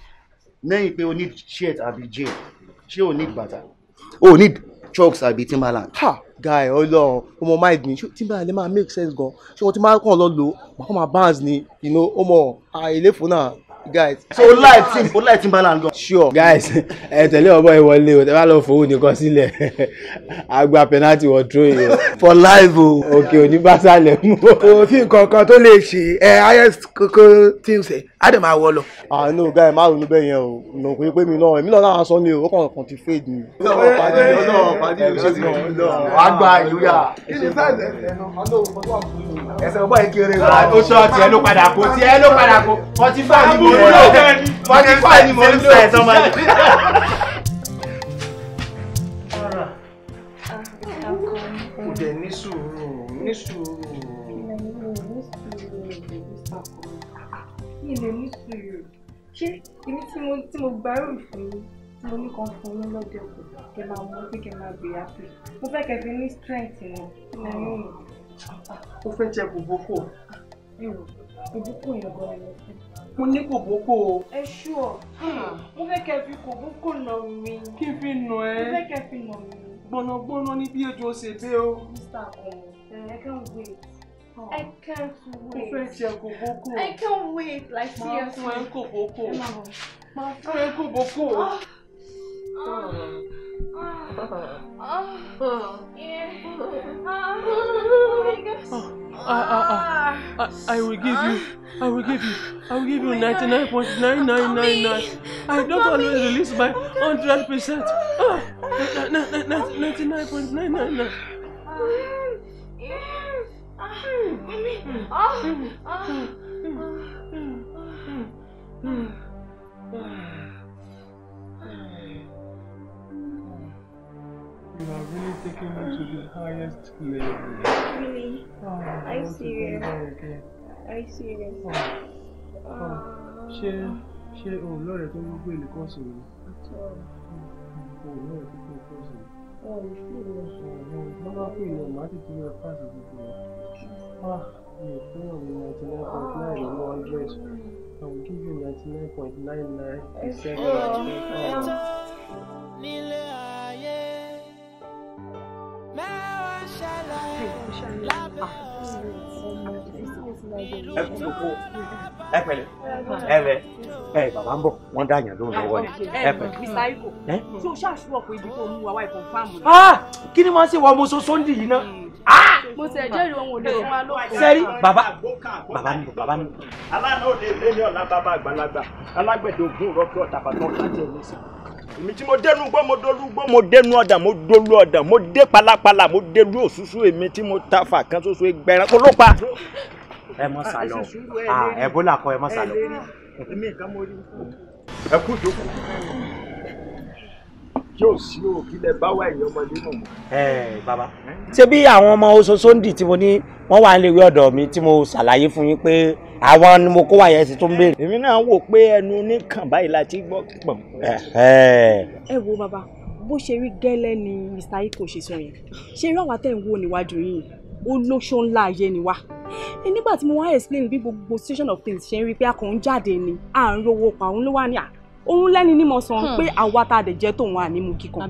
lẹ́yìn pé o need shirt àbí jean ṣé o need bàtà o need chucks àbí timberland. ha guy Ọlọ́run ọmọ mind mi timberland lè máa make sense gan ṣé wọ́n ti máa kàn lọ lò wọ́n kàn máa bounce ni you know ọmọ àìlèfọ́ náà guys. so o láì tí o láì tí n bá là ń gan. sure guys ẹ tẹ̀lé ọ̀bọ ìwọlé o tẹ bá lọ fowó nìkan sílẹ̀ àgbà penalty wọ̀ dúró yìí for live o. òkè òní bá sálẹ̀ mú. òfin kankan tó lè ṣe ẹ highest kókó teams ẹ á dẹ̀ máa wọ lọ. àánú ọgá ẹ márùn níbẹ̀ yẹn o nà kò yẹ pé mi náà èmi náà láwọn sọ ni o ó kàn kàn ti fade ni. àgbà ìlúyà. ẹsẹ̀ ọgbà ìkéré rẹ̀. ó sọ tiẹ̀ ló padà kó tiẹ̀ ló padà kó forty five ni mo ń lò forty five ni mo ń lò ẹ̀sán máa ń lò. ní sùúrù ní sùúrù kí lè ní sùúrù ṣé èmi tí mo tí mo gbárù fún tí mo ní kan fún yín lọ́dẹ ọkọ̀ kẹ máa mú kí kẹ máa gbéra pé mo fẹ́ kẹ fi ní strength mọ́ ẹ̀yìn mi. ó fẹ́ jẹ bòbókò. ẹ̀rọ bòbókò yẹn gan-an ló fẹ́. mo ní kòbókò. ẹ ṣú ọ hmm. mo fẹ́ kẹ fi kòbókò nà mí. kí n fi nà ẹ. mo fẹ́ kẹ fi nà mí. gbọ̀nàgbọ̀nà ni bí ejò ṣe dé o. mr ọ̀hún ẹ̀ẹ́dẹ́gbẹ̀rún I oh. can't wait. I can't wait, like seriously. My friend Koboko. Ah, ah, ah, I will give you, I will give you, I will give you 99.9999. I don't always release my 100%. 99.999. You are really taking me to the highest level. Really? Oh, I Are you serious? Are you serious? Ṣé ṣé òun lọ́rẹ̀ẹ́ tó ń gbé nìkan sọ̀rọ̀? Òun lọ́rẹ̀ẹ́ tó ń gbé nìkan sọ̀rọ̀. ọ̀ ìṣòro ọ̀sán ọ̀gbọ́n bá pè lọ màá tètè lọ pàṣẹ gbogbo rẹ̀ mi ò fẹ́ràn ní ninety nine point nine nínú hundred I will give you ninety nine point nine nine percent of the nílé ayé mẹ́wàá ṣẹlẹ̀ lábẹ́ ọ̀sán ẹ kú lóko ẹ pẹ̀lẹ́ ẹ rẹ ẹ bàbá ń bọ̀ wọ́n dá yàn lóhùn lọ́wọ́ ni ẹ pẹ̀lẹ́. mr iko ṣé o ṣáà ṣúwọ́ pé ibi tó mú wa wá ìfọ̀n fáàmù náà. kí ni wọ́n ṣe wọ ọmọ soso ń dì yìí náà. mo ṣe ìjẹ́rìí ohun òde òun alóko. sẹ́rí bàbá baba mi bàbá mi. aláàánú ò lè lé ní ọ̀la bàbá àgbàlagbà alágbẹ̀dẹ ògún rọ́kì ọ̀tàbàtàn kájẹ̀ ní sọ èmi tí mo dénú gbọ́ mo dolú gbọ́ mo dénú ọ̀dà mo dolú ọ̀dà mo dé palapala mo délú òṣùṣù èmi tí mo ta fà kan ṣoṣo ẹgbẹ̀rún kó ló pa ẹ mọ sálọ ẹbólà kọ ẹ mọ sálọ. ẹ kú ìjókòó tí ò sí òkìlẹ̀ báwa ẹ̀yìn ọmọ nínú mọ́. ẹ Baba. ṣé bí àwọn ọmọ Ososóndì tí mo ní wọ́n wà nílé ọ̀dọ̀ mi tí mo ṣàlàyé fún yín pé àwọn ni mo kó wà yẹn sí tó ń béèrè. èmi náà wò pé ẹnu oníkàn báyìí la ti gbọ́ pọ̀. ẹ wo bàbá bó ṣe rí gẹ́lẹ́ ni Mr. Iko ṣe sọ yẹn ṣe rí àwa tẹ̀ ń wò níwájú yìí ó ńlá ayé ni wá nígbà tí mo wá explain bí gbogbo situation of things ṣe ń rí pé a kò ń jáde ni à ń rówó pa òun ló wà ní à òun lẹ́ni ní mo sọ hmm. pé àwa tá a dẹ̀ jẹ́ tòun ànímú kíkan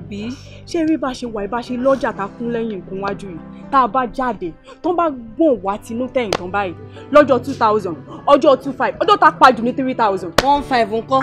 ṣé rí bá ṣe wà bá ṣe lọ́jà tá a kún lẹ́yìn nǹkan wájú yìí tá a bá jáde tó bá gbọ̀n wá tinú tẹ̀yìn tán báyìí lọ́jọ́ two thousand ọjọ́ two five ọjọ́ tá a pa jù ní three thousand. one five ńkọ́.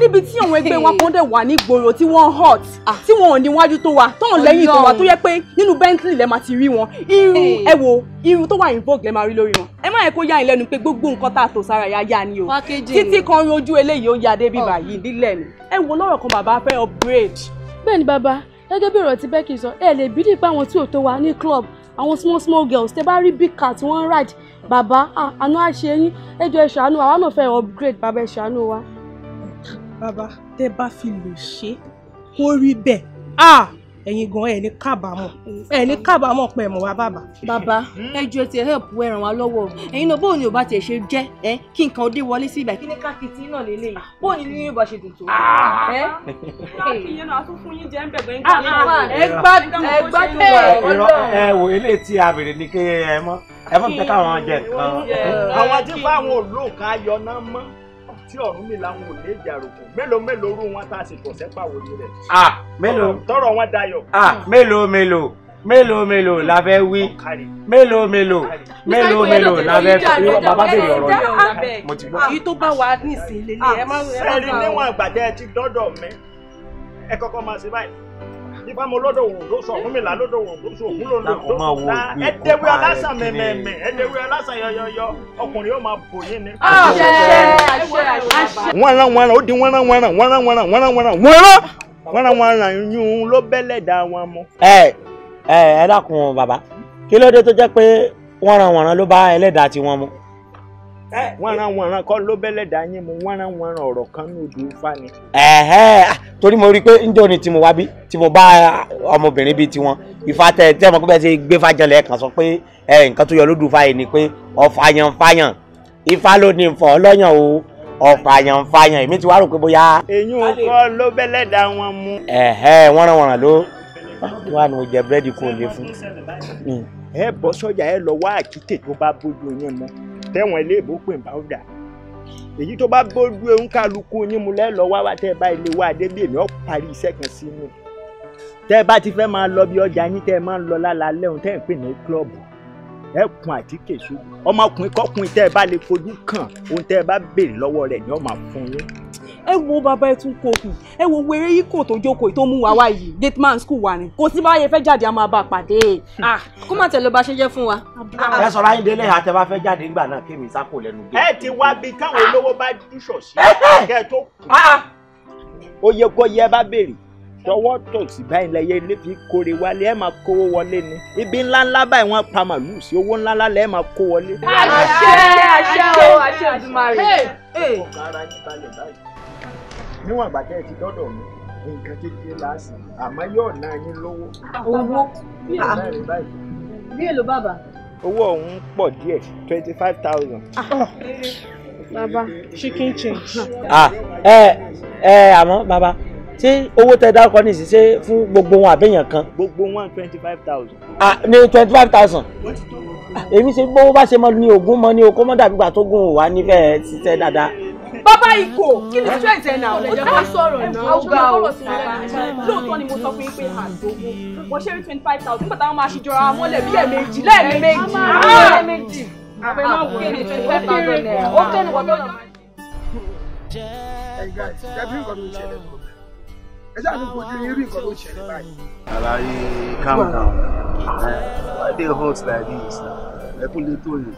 níbi tí àwọn ẹgbẹ́ wa kan dẹ̀ wà ní gbòòrò tí wọ́n hot ah. tí wọ́n ò níwájú tó wa tó ń lẹ́yìn tó wa tó yẹ pé nínú Bentley lẹ́ẹ̀ máa ti rí wọn irú ẹ wo irú tó wà ní vogue lẹ́ẹ̀ máa rí lórí wọn ẹ má yẹ kó yá ìlẹ́nu pé gbogbo nǹkan tá a tò sára yá yá ni o títí kan rojú eléyìí ó yá dé bíbá oh. yìí ìbílẹ̀ ni ẹ wo lọ́rọ̀ kan bàbá fẹ́ upgrade. bẹ́ẹ̀ ni bàbá gẹ́gẹ́ bí ọ̀rọ̀ tí Becky sọ ẹ lè bí nípa àwọn tí ò tó wa ní club àwọn small small girls tẹ bá rí big car tí wọ́n ń ride bàbá àánú àṣẹ yín ẹ jọ̀ọ́ ẹ ṣàánú àwa náà fẹ́ upgrade bàbá ẹ ṣàánú wa. bàbá tẹ bá fi lè ṣe kó rí bẹ́ẹ̀ ẹ̀yin gan ẹ̀ ní kábàámọ̀ ẹ̀ ní kábàámọ̀ pẹ̀ mọ̀ wá bàbá. bàbá ẹ ju ti help ẹ ràn wá lọ́wọ́ ẹ̀yin náà bóun ni ò bá tiẹ̀ ṣe jẹ́ ẹ kí nǹkan dé wọlé sí ibà kí ní káàkiri náà lélẹ̀ yìí bóun ni yóò bá ṣe dùn tó. káàkiri náà tún fún yín jẹ́ ń bẹ̀gbẹ̀ ń gbà. Ah, ah, ẹ gbádùn ẹ gbádùn ẹ wò ilé tí a bèrè ni kí ẹ mọ ẹ mọ tí ọ̀run mi làwọn ò lè jàròkù mélòó mélòó rú wọn tá a sì tọ̀ sẹ́pà wò ní rẹ̀. ah mélòó tọrọ wọn dayọ̀. ah mélòó mélòó mélòó mélòó la fẹ́ wí mélòó mélòó mélòó mélòó la fẹ́ wí bàbá bèrè ọ̀rọ̀ yìí mo ti gbọ́. èyí tó bá wà nísìnyí lélẹ̀ ẹ má. sẹ́ẹ̀rì níwọ̀n àgbàdẹ́ ti dọ́dọ̀ mi ẹ kọ́kọ́ máa ṣe báyìí ifá mo lọ́dọ̀ òun ló sọ òun mi là lọ́dọ̀ òun ló sọ òun ló lò ló sọ ẹdẹwé ọlásà mẹmẹmẹ ẹdẹwé ọlásà yọyọyọ ọkùnrin yóò máa bò yín ni. Ah, àṣẹ àṣẹ àṣẹ. wọ́nrán wọ́nrán ó di wọ́nrán wọ́nrán wọ́nrán wọ́nrán wọ́nrán wọ́nrán wọ́nrán wọ́nrán wọ́nrán yún ló bẹ́lẹ̀ dá wọn mọ́. ẹ ẹ dákun bàbá kí ló dé tó jẹ́ pé wọ́nrán wọ́nrán ló bá ẹlẹ́dàá tiwọn mu Eh, eh. wọ́nranwọ̀nran kọ́ ló bẹ́lẹ̀ dá yín mu wọ́nranwọ̀nran ọ̀rọ̀ kan ní odò ifá ni. Ah, torí mo rí i pé njọ́ ni tí mo wá bí tí mo bá ah, ọmọbìnrin bíi tiwọn ifá tẹ tẹ mọ pé bẹ́ẹ̀ ṣe gbé fájọlẹ̀ kan sọ pé nǹkan tó yọ lódù fáyé ni pé ọ̀fàyàn fáyàn ifá ló ní nfọ̀ ọlọ́yàn o ọ̀fàyàn fáyàn èmi ti wá rò pé bóyá. èyí ò kọ́ ló bẹ́lẹ̀ dá wọn mu. wọ́nranwọ̀nran ló ah, wà ní oúnjẹ búrẹ́dì kò le fún. ẹ bọ́ sọ́jà ẹ lọ wá tẹ́wọ̀n ilé ìbò pè báwùdà èyí tó bá gbójú ẹ̀hún kálukú yín mu lẹ́lọ́ wá wá tẹ́ ẹ bá ilé wa adébíyèmí ó parí iṣẹ́ kan sí inú tẹ́ ẹ bá ti fẹ́ máa lọ bí ọjà yín tẹ́ ẹ máa ń lọ lálálẹ́ òun tẹ́ ẹ ń pè ní kílọ̀bù ẹ kun àtíkè ọmọkùnrin kọkùnrin tẹ́ ẹ bá lè fojú kàn ohun tẹ́ ẹ bá béèrè lọ́wọ́ rẹ̀ ni ó máa fún yín ẹ wo bàbá ẹ tún kó kù ẹ wo wèrè yìí kò tó jókòó tó mú wa wá yìí gate man school wa ni kò sí báyẹn fẹ́ jáde a máa bá a pàdé. Ah, kó má tẹ̀lé bá ṣe jẹ́ fún wa. ẹ sọ̀rọ̀ ayé délé àtẹ bá fẹ́ jáde nígbà náà kí mi sáko lẹ́nu gbé. ẹ ti wá bí káwọn olówó bá dúṣọ̀ sí kẹ́ tó kù. Ah, ah! oyè kò yẹ bá béèrè tọwọ́ tòsí báyìí lẹyẹ ilé fi kórè wálé ẹ máa kówó wọlé ni ibi ńláńlá báyìí wọ́n pa màlúù sí owó ńláńlá lẹ ẹ máa kó wọlé. àṣẹ àṣẹ o àṣẹ Olódùmarè. ọkọ ara yín balẹ̀ báyìí níwọ̀n àgbà tẹ́ ẹ ti dọ́dọ̀ mi nǹkan kékeré láàsì àmọ́ yóò ná yín lówó. owó bí èlò bàbá. owó ọ̀hún pọ̀ díẹ̀ twenty five thousand. Ah, ah. bàbá chicken change. Ah, ẹ ẹ àmọ́ bàbá ṣé owó tẹ dárúkọ ní ìṣiṣẹ́ fún gbogbo wọn àbẹ̀yàn kan. gbogbo wọn twenty five thousand. ah ní twenty five thousand. èmi ṣe bówó bá ṣe mọ ní ogún mọ ní okó mọ dàbí gbà tó gùn wá nífẹ̀ẹ́ ṣiṣẹ́ dáadáa bàbá ikọ̀ kí ni strength ẹ̀ náà o ti sọ̀rọ̀ náà ó gbà ó lóòótọ́ ni mo sọ fún yín pé àdógó wọ́n ṣe rí twenty five thousand nígbà táwọn máa ṣe jọra mọ́lẹ̀ bí ẹ̀ẹ̀mejì lẹ́ẹ̀mejì ah! àpẹ máa wò kí ni twenty five thousand naira ó kẹ́ ni wọ́n tó yọ. ẹ gbà ẹ bí nǹkan tó ń ṣẹlẹ̀ bọ̀ ẹ ṣáà ní kojú yín rí nǹkan tó ń ṣẹlẹ̀ báyìí. àlàyé calm down eh, why dey hot like this na ẹ kún tó yìí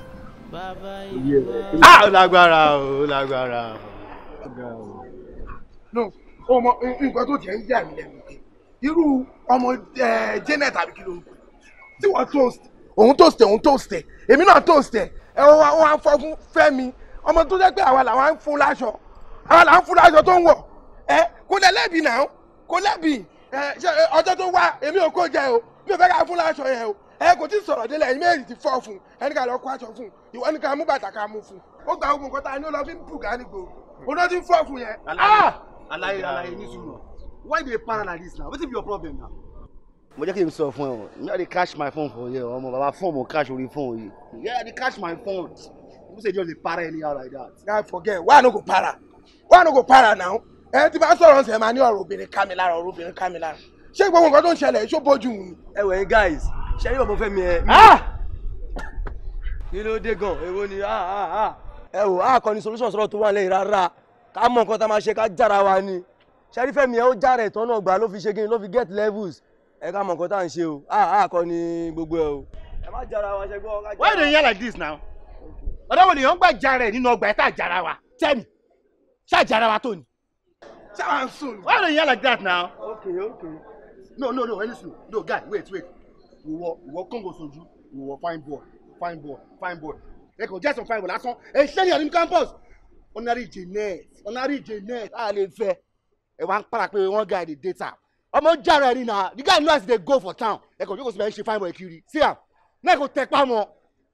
ah ó lágbára o ó lágbára o. no ọmọ nǹkan tó jẹ́ ń yà mí lẹ́nu pé irú ọmọ janet àbí kí ló ń pè tí wọ́n toast òun toast òun toast èmi náà toast ẹ̀rọ wa wọ́n á fọ́ fún fẹ́mi ọmọ tó jẹ́ pé àwa làwọn á ń fún láṣọ àwa làwọn á ń fún láṣọ tó ń wọ̀ ẹ kó lẹ́lẹ́bì náà kó lẹ́bì ọjọ́ tó wá èmi ò kó jẹ o mi ò fẹ́ ká fún láṣọ yẹn o ẹ kò tí ì sọ̀rọ̀ délẹ̀ ẹ̀yin méjì ti fọ́ fún ẹni ká lọ kó aṣọ fún ìwọ ní ká mú bàtà ká mú fún ó gba ogun kọta ni ó lọ fi ń bù gánigbo ó lọ ti ń fọ́ fún yẹn. alaye ah! alaye ní sùúrù why dey para like this now wetin be your problem now. mo jẹ́ kí n sọ fún ẹ o mi ò dey cash my phone for here ọmọ bàbá fóònù cash orí fóònù yìí yeah i dey cash my phone who say just dey para anyhow like that. guy forget why no go para why no go para now ẹ ti bá sọ̀rọ̀ ṣẹ̀ máa ní ọ̀rọ̀ obìnrin ká lára ọ̀rọ̀ obìnrin ká lára ṣé gbogbo tó ń ṣẹlẹ̀ ṣó bójú mu. ẹ wẹ̀ guys ṣe rí bàbá fẹ́mi ẹ. Ah! kí ló dé gan èwo ni ah, ah, ẹ wò á kọ́ni solution sọ̀rọ̀ tó wà lẹ́yìn rárá ká mọ nǹkan tá a máa ṣe ká jára wa ni ṣe rí ẹ ó jára ìtàn náà gbà ló fi ṣe kí ni ló fi get levels ẹ ká mọ nǹkan tá à ń ṣe o á kọ́ni gbogbo ẹ o. ẹ má jára wa ṣe gbọ́. why do you hear like this now? ọ̀dọ́ wo lèèyàn gbà jára ẹ̀ nínú ọgbà ẹ̀ tá àjára wa tell me ṣá àjára wa tó ni. ṣá à ń sùn. why do you hear like that now? okay okay. no no no no guy wait wait ìwọ ìwọ kóńgò sojú ìwọ fine boy fine boy fine boy ẹ kò jẹ́sùn fine boy lásán ẹ ṣẹ́ ní ọdún campus honorary jeanette honorary jeanette a lè fẹ́ ẹ wá ń para pé one guy dey data. am ọmọ jára ẹni na the guy know as he dey go for town ẹ kò jókòó sí bẹ́ẹ̀ ṣe fine boy kiri see am náà kò tẹ pa mọ́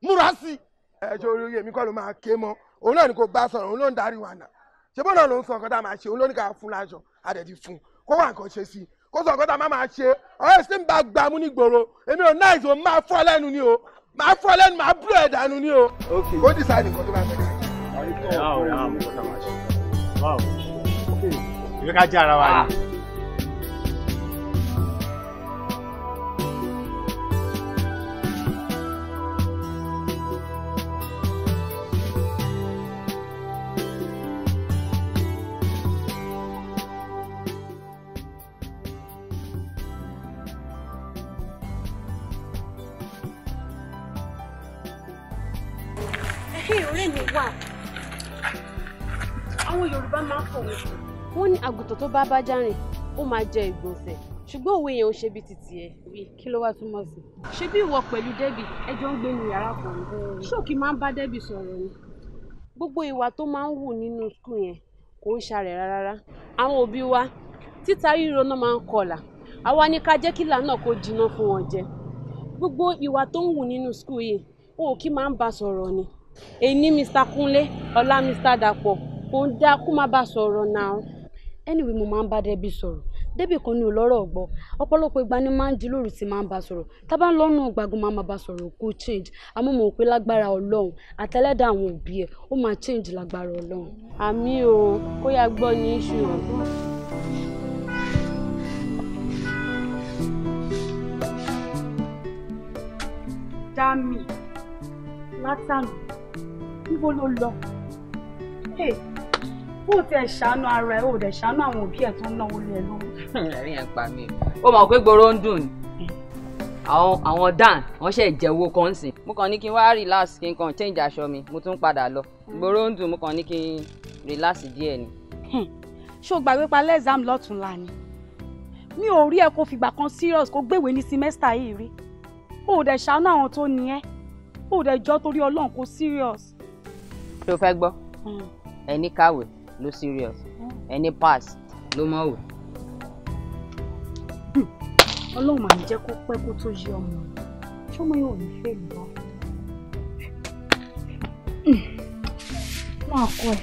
múra sí. ẹ ṣe orí èmi kọ́ ló máa ké mọ́ òun náà ni kò bá sọ̀rọ̀ òun ló ń darí wa náà ṣé bọ́ọ̀nà ló ń sọ nǹkan tá a máa ṣe òun ló ní ká fún láṣọ àdẹ̀dí fún kó wà nǹkan ṣe sí i kó sọ nǹkan tá a máa máa ṣe ọ̀rẹ́ sì ń bá gbà mú ní gbòòrò èmi ò náà ìṣòro máa fọ́ lẹ́nu ni o máa fọ́ lẹ́nu máa búrò ẹ̀ dànù ni o kó dì sáà nìkan tó bá fẹ́ ká. ìwé ká jẹ́ ara wa ni. Ah. wọ́n ní àgùntàn tó bá bá járìn ó máa jẹ ìgbọ̀nsẹ̀ ṣùgbọ́n òwe yẹn ò ṣe bí titi ẹ̀ kí ló wá túmọ̀ sí. ṣé bí ìwọ pẹ̀lú Debbie ẹjọ́ ń gbé nu yàrá kan ni hmm. ṣókì máa ń bá Debbie sọ̀rọ̀ ni. gbogbo ìwà tó máa ń wù nínú skul yẹn kò ń ṣàrẹ̀ rárá àwọn òbí wa títa ríro náà máa ń kọlà àwa ní ká jẹ́ kí ìlà náà kó jiná fún wọn jẹ gbogbo ìwà tó ń wù nínú skul yìí òun máa ń bá sọ̀rọ̀ ni èyí ní Mr. Kúnlé ọlá Mr. Dàpọ̀ kò ń dá kó má bàa sọ̀rọ̀ náà anyway mo máa ń bá Debbie sọ̀rọ̀ Debbie kan ní olọ́rọ̀ ọ̀gbọ́ ọ̀pọ̀lọpọ̀ ìgbà ni máa ń di lóru tí máa ń bá sọ̀rọ̀ tá ń lọ́nà ọ̀gbàgùn máa bá sọ̀rọ̀ kó change àmọ́ mo pé lágbára ọlọ́run àtẹlẹ́dà àwọn òbí ẹ̀ ó máa change lágbára ọlọ́run àmì o kó yá gbọ́ ní iṣu o. dami látàlú níbo ló lọ? Hey ó tẹ ṣàánú ara ẹ ó dẹ ṣàánú àwọn òbí ẹ tó ń náwó lé ẹ lọ́wọ́. Hmm, ẹ̀rín ẹ̀ pa mí o mọ̀ pé gbòòrò ń dùn ni àwọn àwọn dan wọn ṣe jẹwo kan sìn. mo kàn ní kí n wá relax kí n kàn change aṣọ mi mo tún padà lọ gbòòrò ń dùn mo kàn ní kí n relax díẹ̀ ni. Hmm, ṣé o gbàgbé pa lẹ́sàmù lọ́túnla ni mi ò rí ẹ kó fìgbà kan serious kó gbèwé ní semester yìí rí o ò dẹ̀ ṣàánú àwọn tó ní ẹ o ò dẹ̀ jọ́ torí ọlọ́run kó serious. ṣé o fẹ́ gbọ́ hmm. ẹni kàwé No serious hmm. Any pass ló mọ̀ wò. ọlọ́run mà ní jẹ́ kó pẹ́ kó tó yé ọmọ rẹ̀ ṣé ọmọ yóò ní fèlè lọ. máa kọ ẹ.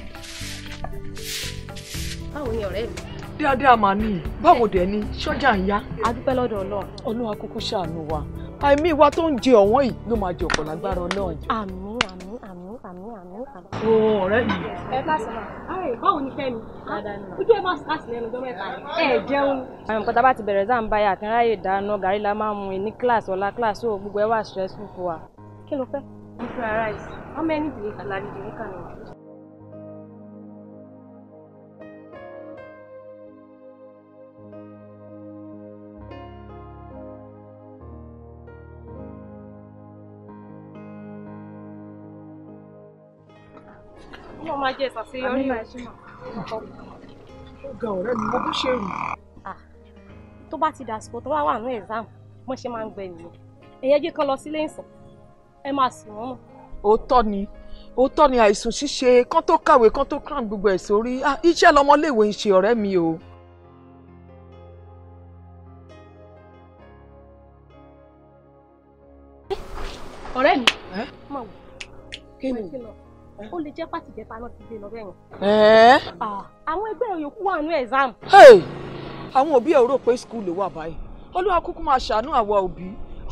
báwo ni ọ̀rẹ́ mi. dáadáa màá ní báwo dẹ̀ ni sọ́jà ń yá. a dúpẹ́ lọ́dọ̀ ọlọ́run. ọlọ́run akókó ṣàánú wa àìmí wa tó ń jẹ ọ̀wọ́n yìí ló máa jẹ ọ̀pọ̀ lágbára ọlọ́run. àmín àmín àmì àmì àmì. o ọ̀rẹ́ mi. ẹ ká sọ ààrẹ báwo ni Fẹ́mi. ojú ẹ máa ṣáàṣì lẹ́nu ọjọ́ mẹ́ta ẹ jẹun. àwọn nǹkan tá a bá ti bẹ̀rẹ̀ sáà ń báyà kí n ráyè dáná gàrí la máa mu ní kíláàsì ọ̀la kíláàsì ò gbogbo ẹ wà stressful fún wa. kí ló fẹ́. mo fẹ́ ara ẹ̀ sí. how many days aladi did you can náà máa jẹ́ ìsàṣeyọrí o. ọgá ọ̀rẹ́ mi mo bó ṣe rù. Ah, tó bá ti dàsìkò tó bá wà ní exam mo ṣe máa ń gbẹ nìyẹn ẹ̀yẹ́ jẹ́ kan lọ sílé ìsìn ẹ máa sùn wọn. òótọ́ ni òótọ́ ni àìsùn ṣíṣe kán tó kàwé kán tó kàn gbogbo ẹ̀ sórí ah, iṣẹ́ lọmọléèwé ń ṣe ọ̀rẹ́ mi o. ọ̀rẹ́ mi. ẹ wò kí ni ó lè jẹ́ pàtì jẹta náà ti gbé lọ bẹ́yẹn. àwọn ẹgbẹ́ yòókù wà nínú exam. àwọn òbí ẹ̀ rò pé skul wà báyìí olúwa kúkú máa ṣàánú àwa òbí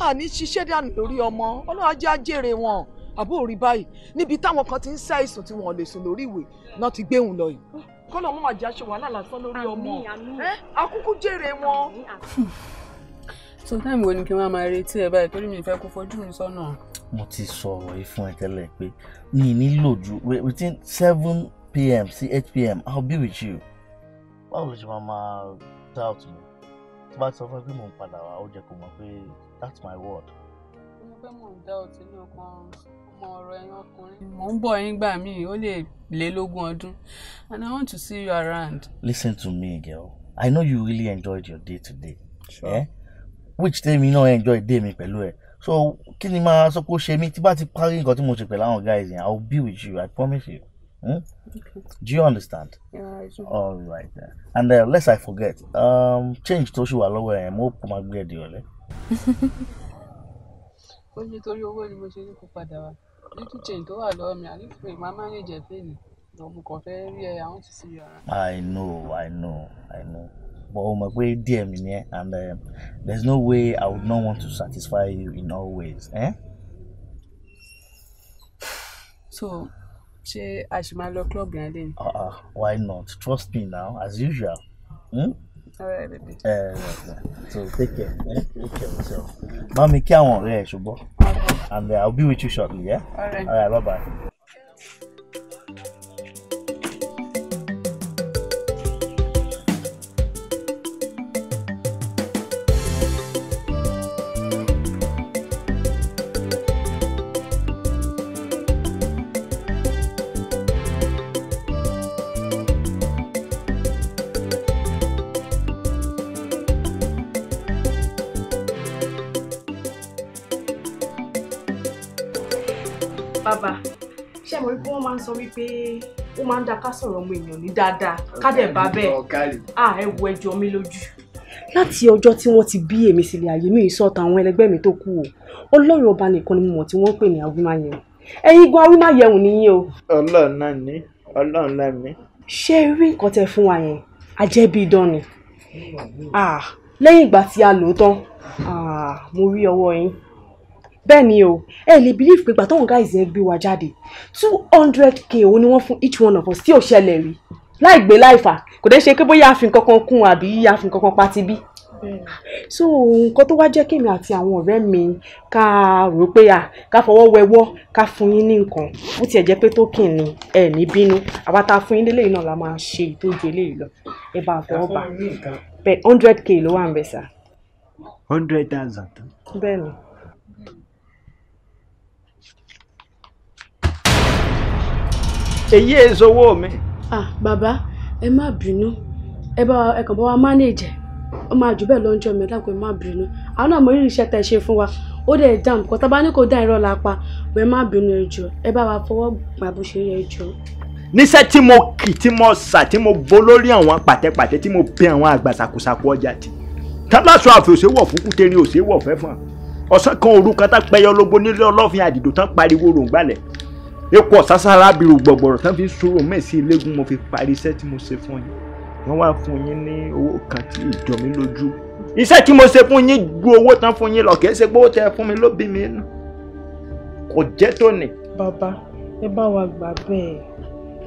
àní ṣiṣẹ́ dànù lórí ọmọ olúwa jẹ́ àjèrè wọn àbó rí báyìí níbi táwọn kan ti ń ṣàìsùn tí wọn ò lè sùn lórí ìwé náà ti gbé òun lọ yìí kọ́nà mọ́ àjà ṣe wàhálà lásán lórí ọmọ akúkú jèrè wọn. sometime wo ni kí n wá máa retí ẹ báyìí torí mi ò fẹ́ kó fojú mi sọ́nà mo ti sọ̀rọ̀ yìí fún ẹ tẹ́lẹ̀ pé mi nílò ju within seven pm sí eight pm i will be with you. báwo ló ṣe máa máa doubt mi tí bá ti sọ fún ẹ pé mò ń padà wá ó jẹ́ kó mọ̀ pé that's my word. mo fẹ́ mò ń doubt inú ọkàn ọmọ ọ̀rọ̀ ẹ̀yin ọkùnrin. mò ń bọ̀ yín gbà míì ó lè lé lógún ọdún and i want to see you around. listen to me girl i know you really enjoyed your day today. sure. Eh? which day mi náà enjoy day mi pẹ̀lú ẹ so kí ni máa sọ pé ó ṣe mí tí bá ti parí nǹkan tí mo ṣe pẹ̀lú àwọn guys yẹn I will be with you I promise you. Hmm? Okay. Do you understand? Yeah, All right then. And uh, lest I forget, um, change tó ṣì wà lọ́wọ́ ẹ̀ mo kò máa gbé ẹ̀dẹ̀ ọ̀lẹ́. ó ní torí owó ni mo ṣe ní kó padà wá little change tó wà lọ́wọ́ mi àní pé màá máa ń jẹ pé mi lọ́mú kan fẹ́ rí ẹ àwọn ti sí yàrá. I know I know I know but oh my way dear me and uh, there's no way I would not want to satisfy you in all ways eh? so she, a ṣì máa lọ club yẹn Uh, ah, ah why not trust me now as usual. Hmm? All right, baby. Uh, so take care eh? take care of yourself. bá mi kí àwọn ọ̀rẹ́ and uh, I'll be with you shortly. Yeah? all right, all right bye bye. máa ń da ká sọ̀rọ̀ ọmọ èèyàn ní dáadáa ká dẹ̀ bá bẹ́ẹ̀ à ẹ wo ẹjọ́ mi lójú. láti ọjọ́ tí wọ́n ti bí èmi sílẹ̀ ayé mi ìsọ̀tà àwọn ẹlẹgbẹ́ mi tó kù o ọlọ́run ọba nìkan ni mo mọ̀ tí wọ́n ń pè ní awúmáyẹun ẹ̀yin gan awúmáyẹun nìyí o. ọlọ́run náà ní ọlọ́run náà ní. ṣé rí nǹkan tẹ fún wa yẹn àjẹbí idán ni lẹ́yìn ìgbà tí a lò ó tán mo rí ọwọ́ yín bẹ́ẹ̀ ni o ẹ lè believe pé gbà tóun guys yẹn gbé wa jáde two hundred k owó ni wọ́n fún each one of us tí ò ṣẹlẹ̀ rí láì gbé láì fà kò dé ṣe pé bóyá àfin kankan kún àbí àfin kankan pa ti bí. so nǹkan tó wá jẹ́ kémi àti àwọn ọ̀rẹ́ mi ká rò pé à ká fọwọ́ wẹwọ́ ká fún yín ní nǹkan bó tiẹ̀ jẹ́ pé tó kì ní ẹ̀ ní bínú àwa tá a fún yín lélẹ́yìn náà la máa ṣe ìtọ́jú eléyìí lọ ẹ bá fọwọ́ bá bẹ́ẹ̀ hundred k ló wà ń bẹ̀ sà. hundred thousand. bẹ́ẹ̀ ni. èyí è sowó mi. ah bàbá ẹ má bínú ẹ bá ẹ kàn bá wa manage ó máa jù bẹ́ẹ̀ lọ́njọ́ mi lágbo ẹ má bínú àwọn náà mo rí iṣẹ́ tẹ̀ ṣe fún wa ó dẹ̀ dá nǹkan tá a bá ní kò dá irọ́ la pa ẹ má bínú ẹ jọ̀ọ́ ẹ bá wa fọwọ́ gbà bó ṣe yẹ ẹ jọ̀ọ́ níṣẹ́ tí mo kì tí mo sà tí mo bo lórí àwọn pàtẹ́pàtẹ́ tí mo bẹ àwọn àgbà sàkósàkó ọjà tì tábìlàṣọ àfẹ́ òṣèwọ̀ fún kútẹ́rin òṣèwọ̀ fẹ́ ọ̀sán kan òru kan tá pẹyọ lógbó nílé ọlọ́fin àdìdò tán pariwo ròǹgbàlẹ̀ epo ọ̀sásárá bìrù gbọ̀gbọ̀rọ̀ tán fi sọ̀rọ̀ mẹ́sì ilégun mo fi parí iṣẹ́ tí mo ṣe fún yín wọ́n wá fún yín ní owó kan tí ìjọ mi lójú iṣẹ́ tí mo ṣe fún yín ju owó tán fún yín lọ kìí ṣe pé owó tẹ fún mi ló bí mi nù kò jẹ́ tóní. bàbá ẹ bá wa gbà bẹ́ẹ̀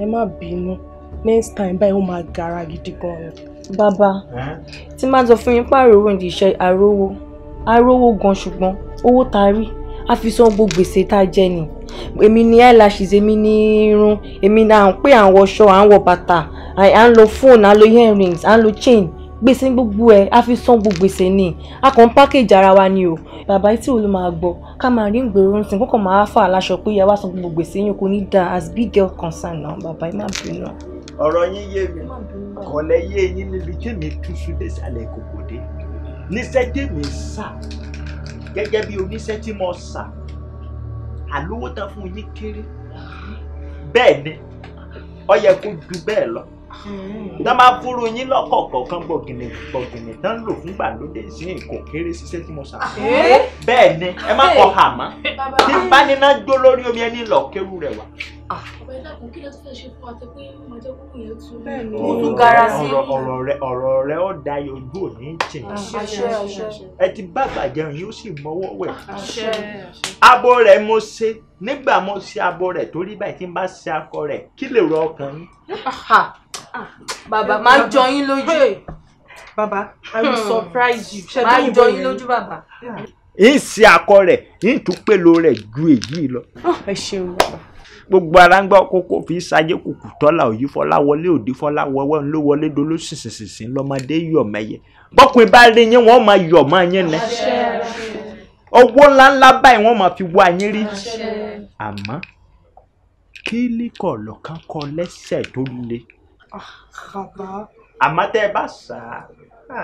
ẹ má bínú next time báyìí ó máa gara gidi gan ni. bàbá tí máa sọ fún yín pàrọ̀ owó ìdíṣẹ́ àrówó àrówó gan ṣùgbọ́n owó tá rí a fi san gbogbo gbèsè tá a jẹ ni èmi ni eyelashes èmi ni irun èmi ni à ń pè à ń wọṣọ à ń wọ bàtà à ń lo phone à ń lo earrings à ń lo chain gbèsè gbogbo ẹ a fi san gbogbo gbèsè ni a kàn ń package ara wa ni o bàbá tí olú máa gbọ́ ká máa rí ìgbèrò ń sìn kókò máa fà láṣọ pé ìyá wa san gbogbo gbèsè yín kò ní da as big girl concern náà bàbá ẹ má bínú. ọ̀rọ̀ yín yé mi kọ̀lẹ́ yé yín níbi tí mi túṣu dé sálẹ̀ kòkòdé níṣẹ́ tèmi gẹ́gẹ́ bí oníṣẹ́ tí mo sà àlówó tán fún yín kéré bẹ́ẹ̀ ni ó yẹ kó ju bẹ́ẹ̀ lọ hmm. tán máa fúru yín lọ́kọ̀ọ̀kọ̀ kan gbọ̀gìnì gbọ̀gìnì tán ń lò fúngbà lóde sí nǹkó kéré ṣiṣẹ́ tí mo sà eh? bẹ́ẹ̀ ni ẹ má kọ hà mọ́ eh? tí bá níná jó lórí omi ẹni lọ kéwú rẹ̀ wá mo tún gara sí. ọ̀rọ̀ rẹ ọ̀rọ̀ da ojú òní tìǹà. Ah, ẹ ti bá bàjẹ́ yìí ó sì mọ́wọ́ wẹ̀. abo rẹ̀ mo ṣe nígbà mo ṣe abo rẹ̀ torí báyìí tí n bá ṣe akọ rẹ̀ kí lè rọ ọkàn yín. bàbá máa jọ yín lójú. bàbá i will hmm. surprise you. máa jọ yín lójú bàbá ń ṣe akọ rẹ̀ ń tún pèlò rẹ̀ ju èyí lọ. Ah, ẹ ṣeun bàbá gbogbo ara ń gbọ́ kókó fi ṣayé kùkù tọ́lá òyì fọlá wọlé òdì fọlá wọwọ́ ló wọlé dolo sísìsìsìn lọ́mọdé yọ̀mẹ́yẹ bọ́kùnrin bá rí yín wọ́n máa yọ̀ mọ́ yín ni owó ńláńlá báyìí wọ́n máa fi wá yín rí àmọ́ kílíkọ̀ lọ́kàn kọ lẹ́sẹ̀ tó le ah, àmọ́ tẹ́ ẹ bá sà á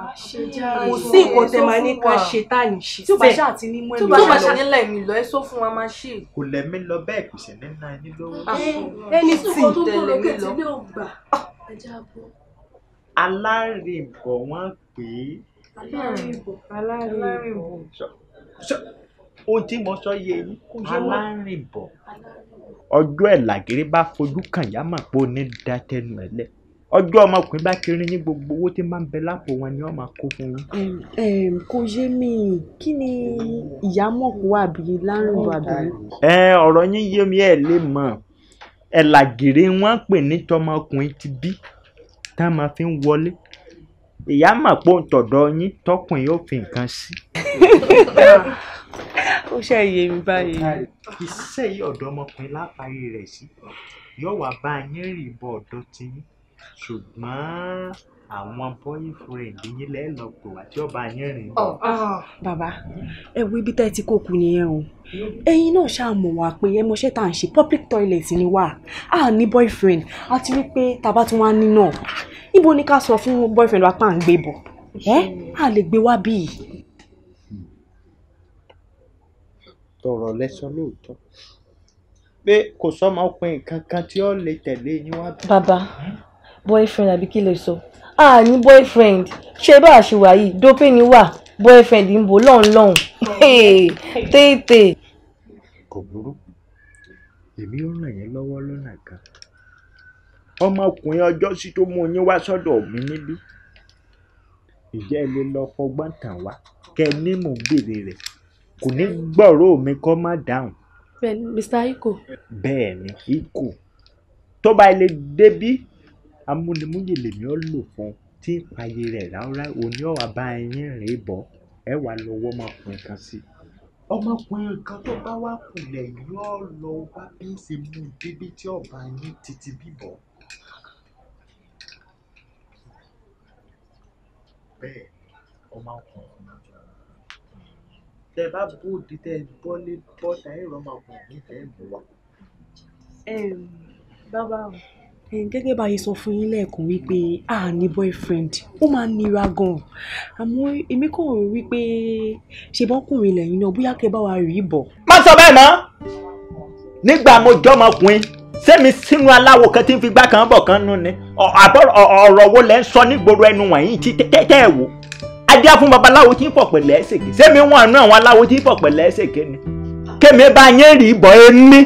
kò sí nǹkan tẹ máa ní ká ṣe tá à ní ṣe tí ó bá ṣáà ti ní mú ẹ̀mí lọ tí ó bá ṣáà ní lẹ́ẹ̀mí lọ ẹ sọ fún wa máa ṣe. kò lẹ́mí lọ bẹ́ẹ̀ kò sì ní ná ẹni lọ́wọ́. ẹni tí ì tẹ̀lé mi lọ. Ah. alárìnbọ̀ wọ́n pè é. alárìnbọ̀ ohun tí mo sọ yé yín alárìnbọ̀ ọjọ́ ẹ̀ làgèrè bá fojú kàn yá mà pé ó ní dátẹ́nu ẹ̀ lẹ́ẹ̀ ọjọ́ ọmọkùnrin bá kiri ní gbogbo owó tí máa ń bẹ lápò wọn ni wọ́n máa kó fún yín. kò yé mi kí ni ìyá mọ̀kú àbí lárùn àbí. ọ̀rọ̀ yín yé mi ẹ̀ lè mọ̀ ẹ̀ làgèrè wọ́n pè ní tọmọkùnrin ti bí tá a máa fi ń wọlé ìyá mà tọ̀dọ̀ yín tọkùnrin yóò fi nǹkan sí. ó ṣe iye mi báyìí. iṣẹ́ yìí ọ̀dọ́ ọmọkùnrin lápárí rẹ̀ sí yóò wá bá yín rìn bọ̀ ọ̀dọ́ tiyín ṣùgbọ́n àwọn boyfriend yín lẹ́ lọ pè wá tí ó bá yín rìn. Oh, ah, bàbá ẹ wo ibi tẹ́ ẹ ti kó kú nìyẹn o ẹ̀yin náà ṣáà mọ̀ wá pé ẹ mọṣẹ́ tá à ń ṣe public toilet ni wá a ní boyfriend a ti rí pé tàbá tún wá ní náà ibo ni ká sọ fún boyfriend wa pa à ń gbé bọ̀ ẹ́ a lè gbé wá bíi. tọrọ lẹsọ lóòótọ́ pé kò sọmọkùnrin kankan tí ó lè tẹ̀lé yín wá. bàbá boyfriend àbí kí lè sọ a ní boyfriend ṣé bá a ṣe yìí dópin ni wà boyfriend ń bò lọ́hùn lọ́hùn tètè. kò burú èmi ó ràn yín lọ́wọ́ lọ́nà kan ọmọkùnrin ọjọ́ sí tó mú yín wá sọ́dọ̀ mi níbí ìjẹ́ ilé lọ fọgbọ́n tàn wá kẹ ní mò ń béèrè rẹ̀ kò ní gbọ́rọ̀ mi kọ́ má dáhùn. bẹ́ẹ̀ni Mr. Iko. bẹ́ẹ̀ni Iko tó bá ilé débí amúnimúyè lèmi ọ́ lò fún tí ń payé rẹ̀ rárá òní ọ̀wà bá ẹyin rìn bọ̀ ẹ wà lọ́wọ́ máa pin kan sí i. ọmọkùnrin kan tó bá wá kulẹ̀ yóò lọ wá bí ń ṣe mú bíbí tí ọba yín títí bíbọ̀. bẹ́ẹ̀ ọmọkùnrin kan jọ tẹ bá bóde tẹ bọ́lé bọ́ta ẹ̀rọ ọmọkùnrin tẹ ẹ̀ mú wa. ẹ bàbá o gẹ́gẹ́ bá a ṣe sọ fún yín lẹ́ẹ̀kan wípé a ní boyfriend ó máa ń nira gan-an àmọ́ èmi kò rò wípé ṣe bọ́kùnrin lẹ́yìn náà bóyá kẹ́ bá wa rí bọ̀. má sọ bẹ́ẹ̀ mọ́ nígbà mo jọmọkùnrin sẹ́mi sínú aláwo kan tí ń fi gbá kan bọ̀ kan nù ni ọ̀rọ̀ wo lẹ́ ń sọ nígboro ẹnu wọ̀nyí tí tẹ́tẹ́ ẹ̀ wò adé fún babaláwo tí ń fọ̀ pẹ̀lẹ́ ẹ̀sẹ̀kẹ́ sẹ́mi wọn àánú àwọn aláwo tí ń fọ̀ pẹ̀lẹ́ ẹ̀sẹ̀kẹ́ ni kémi bá yẹn rí bọ̀ ẹ́ ní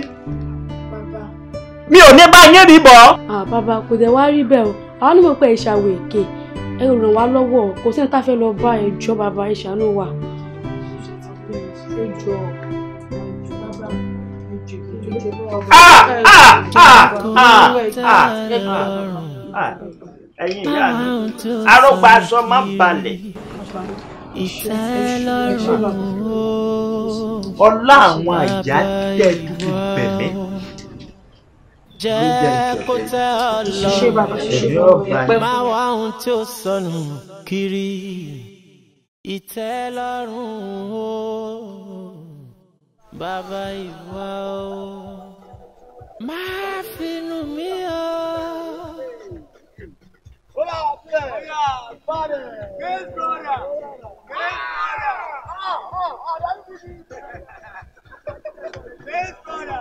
mi ò ní bá yín rí bọ́. Ah, bàbá kò dẹ̀ wá rí bẹ́ẹ̀ o àwọn onímọ̀ pé ìṣàwọ̀ èké ẹ ràn wá lọ́wọ́ kò sẹ́ni tá a fẹ́ lọ bá ẹjọ́ bàbá ìṣàánú wa. Ah, ah, ẹ̀yin ìyá mi arọ́pá aṣọ máa ń balẹ̀ ọlá àwọn àjá tẹ́lú bẹ̀rẹ̀ jẹ́ kó tẹ́ ọ wá ohun tí ó sọnù kiri ìtẹ́lọ́rùn o bàbá ìwà o má finú mi o. Hola, hola, padre, qué es gloria, qué es gloria, ah, ah, ah, dale un poquito, es gloria.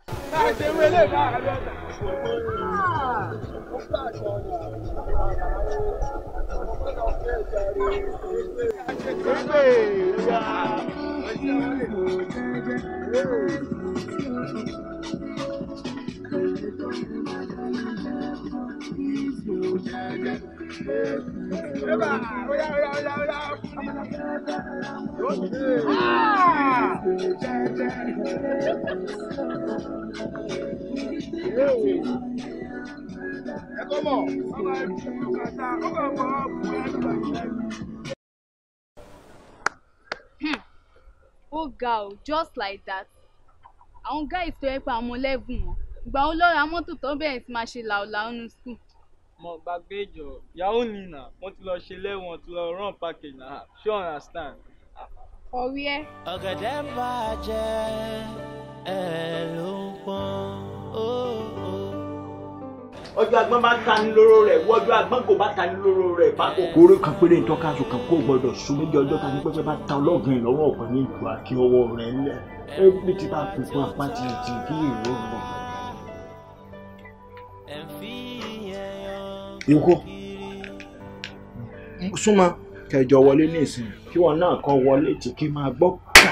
Yeah, yeah. Eba, oya, oya, oya, oya. Ah! Ẹ kọ́ mọ̀. Ọba ẹ̀ fi ọ̀kadà, ọba ẹ̀ fọwọ́ bu ẹ̀rọ ìgbà ó ga o just like that àwọn guys tó yẹ pé àwọn ọmọ lẹ́gùn wọn ìgbà wo lọ́ra mọ́tò tó bẹ̀rẹ̀ sí máa ṣe làólàó nu school mo gbàgbé ìjọ yahoo nina wọn ti lọ ṣe lẹ́wọ̀n ti lọ run package na ṣé o understand. ọ̀rí ẹ. ọ̀gẹ̀dẹ̀ bàjẹ́ ẹ ló ń pọ́n ọjọ́ agbọ́n bá ta lóró rẹ̀ wọ́jọ́ agbọ́n kò bá ta lóró rẹ̀ bá kò. orí kan péré ń tọ́ka aṣọ kan kó gbọdọ̀ sún méjì ọjọ́ ta ní pẹ́pẹ́ bá ta ọlọ́gbìn lọ́wọ́ ọ̀gbìn ní ìlú àti ọwọ́ rẹ̀ lẹ̀ ẹbí ti bá fi fún ikú hmm? súnmọ́ kẹjọ wọlé ní ìsìn kí wọn náà kàn wọlé tí kí máa gbọ́ ká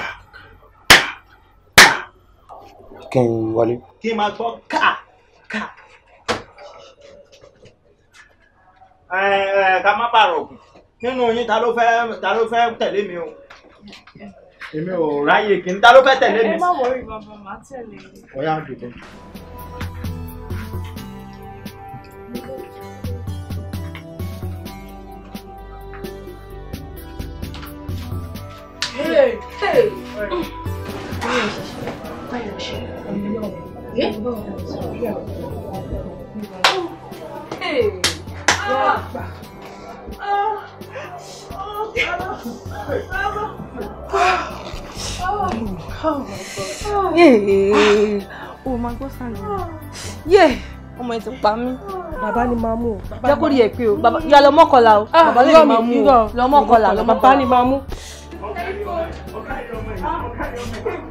ká kí n wọlé. kí máa gbọ́ ká ká. ká má bàrọ̀ ògùn nínú yín ta ló fẹ́ ta ló fẹ́ tẹ̀lé mi o èmi ò ráyè kí n ta ló fẹ́ tẹ̀lé mi. ẹ má wọrí bàbá màá tẹ̀lé. E. ọ̀ya dùn. o ma Yeah. sáré yé ọmọ ẹ ti pa mí. bàbá ni máa mú o. jẹ́ kó rí ẹ̀ pé o yà lọ mọ́kànlá o bàbá lè máa mú o lọ mọ́kànlá lọ mọ́kànlá. bàbá ni máa mú o.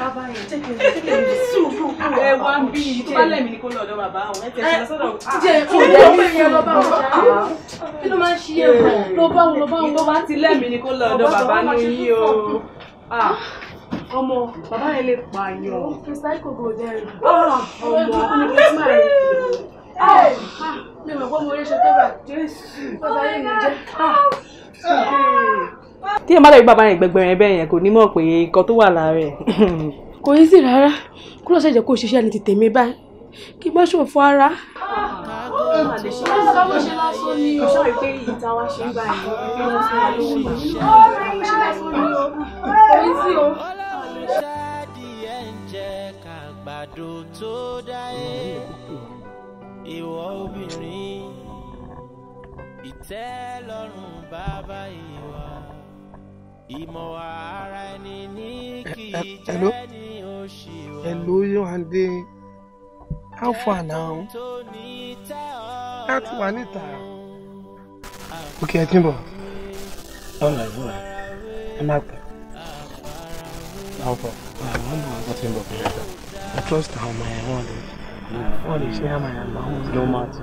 bàbá yẹn jẹ́ kí n sùúrù kúrò. ẹ wá bí i tó bá lẹ́mìí ni kó lọ ọ̀dọ̀ bàbá àwọn ẹ tẹ̀sí jẹ kí ló máa lọ bá wọn kí ló máa ń ṣiyẹ lọ bá wọn lọ bá wọn. tó bá ti lẹ́mìí ni kó lọ ọ̀dọ̀ bàbá ní yí o. ọmọ bàbá yẹn lè pààyàn. recycle go there. ọmọ mi mọ̀ pé mo rí ṣe tó bá jésù bàbá yẹn mi jẹ́ tí ẹ má dàbí bàbá yẹn gbẹgbẹrẹ bẹ́ẹ̀ yẹn kò ní mọ̀ pé nǹkan tó wà lára ẹ̀. kò yí sí rárá kó lọ ṣẹ̀jẹ̀ kó o ṣiṣẹ́ ní ti tèmi báyìí kí n má ṣòfò ara. Àgbàdo tó dá yé, ìwọ obìnrin, ìtẹ́lọ́rùn bàbá ìwà ìmọ̀ ara ẹni ní kì jẹ́ ní oṣù wọn. hello yohande how far now láti wà níta. ok ẹ ti ń bọ̀ ọ̀rọ̀ ìwọ ẹ má pẹ́ alpha àwọn ọmọ àgbà tí ń bọ̀ fún ẹ̀ka i trust àwọn ọmọ ẹ̀ wọ́n lè ṣe àmàyàn máa ń lọ́mọ́ àti.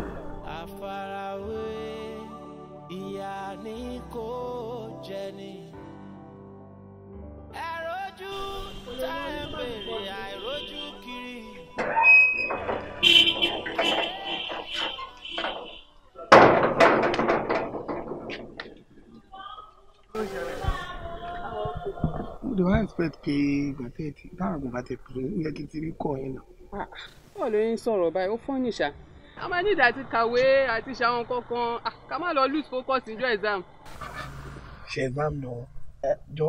mo dey wan expect pé gbàtẹ́ ti báwọn kò bá tẹ pé ó yẹ kí n ti rí kọ́ yẹn náà. Ah, wọ́n ló ń sọ̀rọ̀ báyìí ó fọ́ nìṣà. a máa ní ìdàtí kàwé àti ṣàwọn kankan ah, ká má lọ lose focus níjọ́ exam. ṣe exam lọ jọ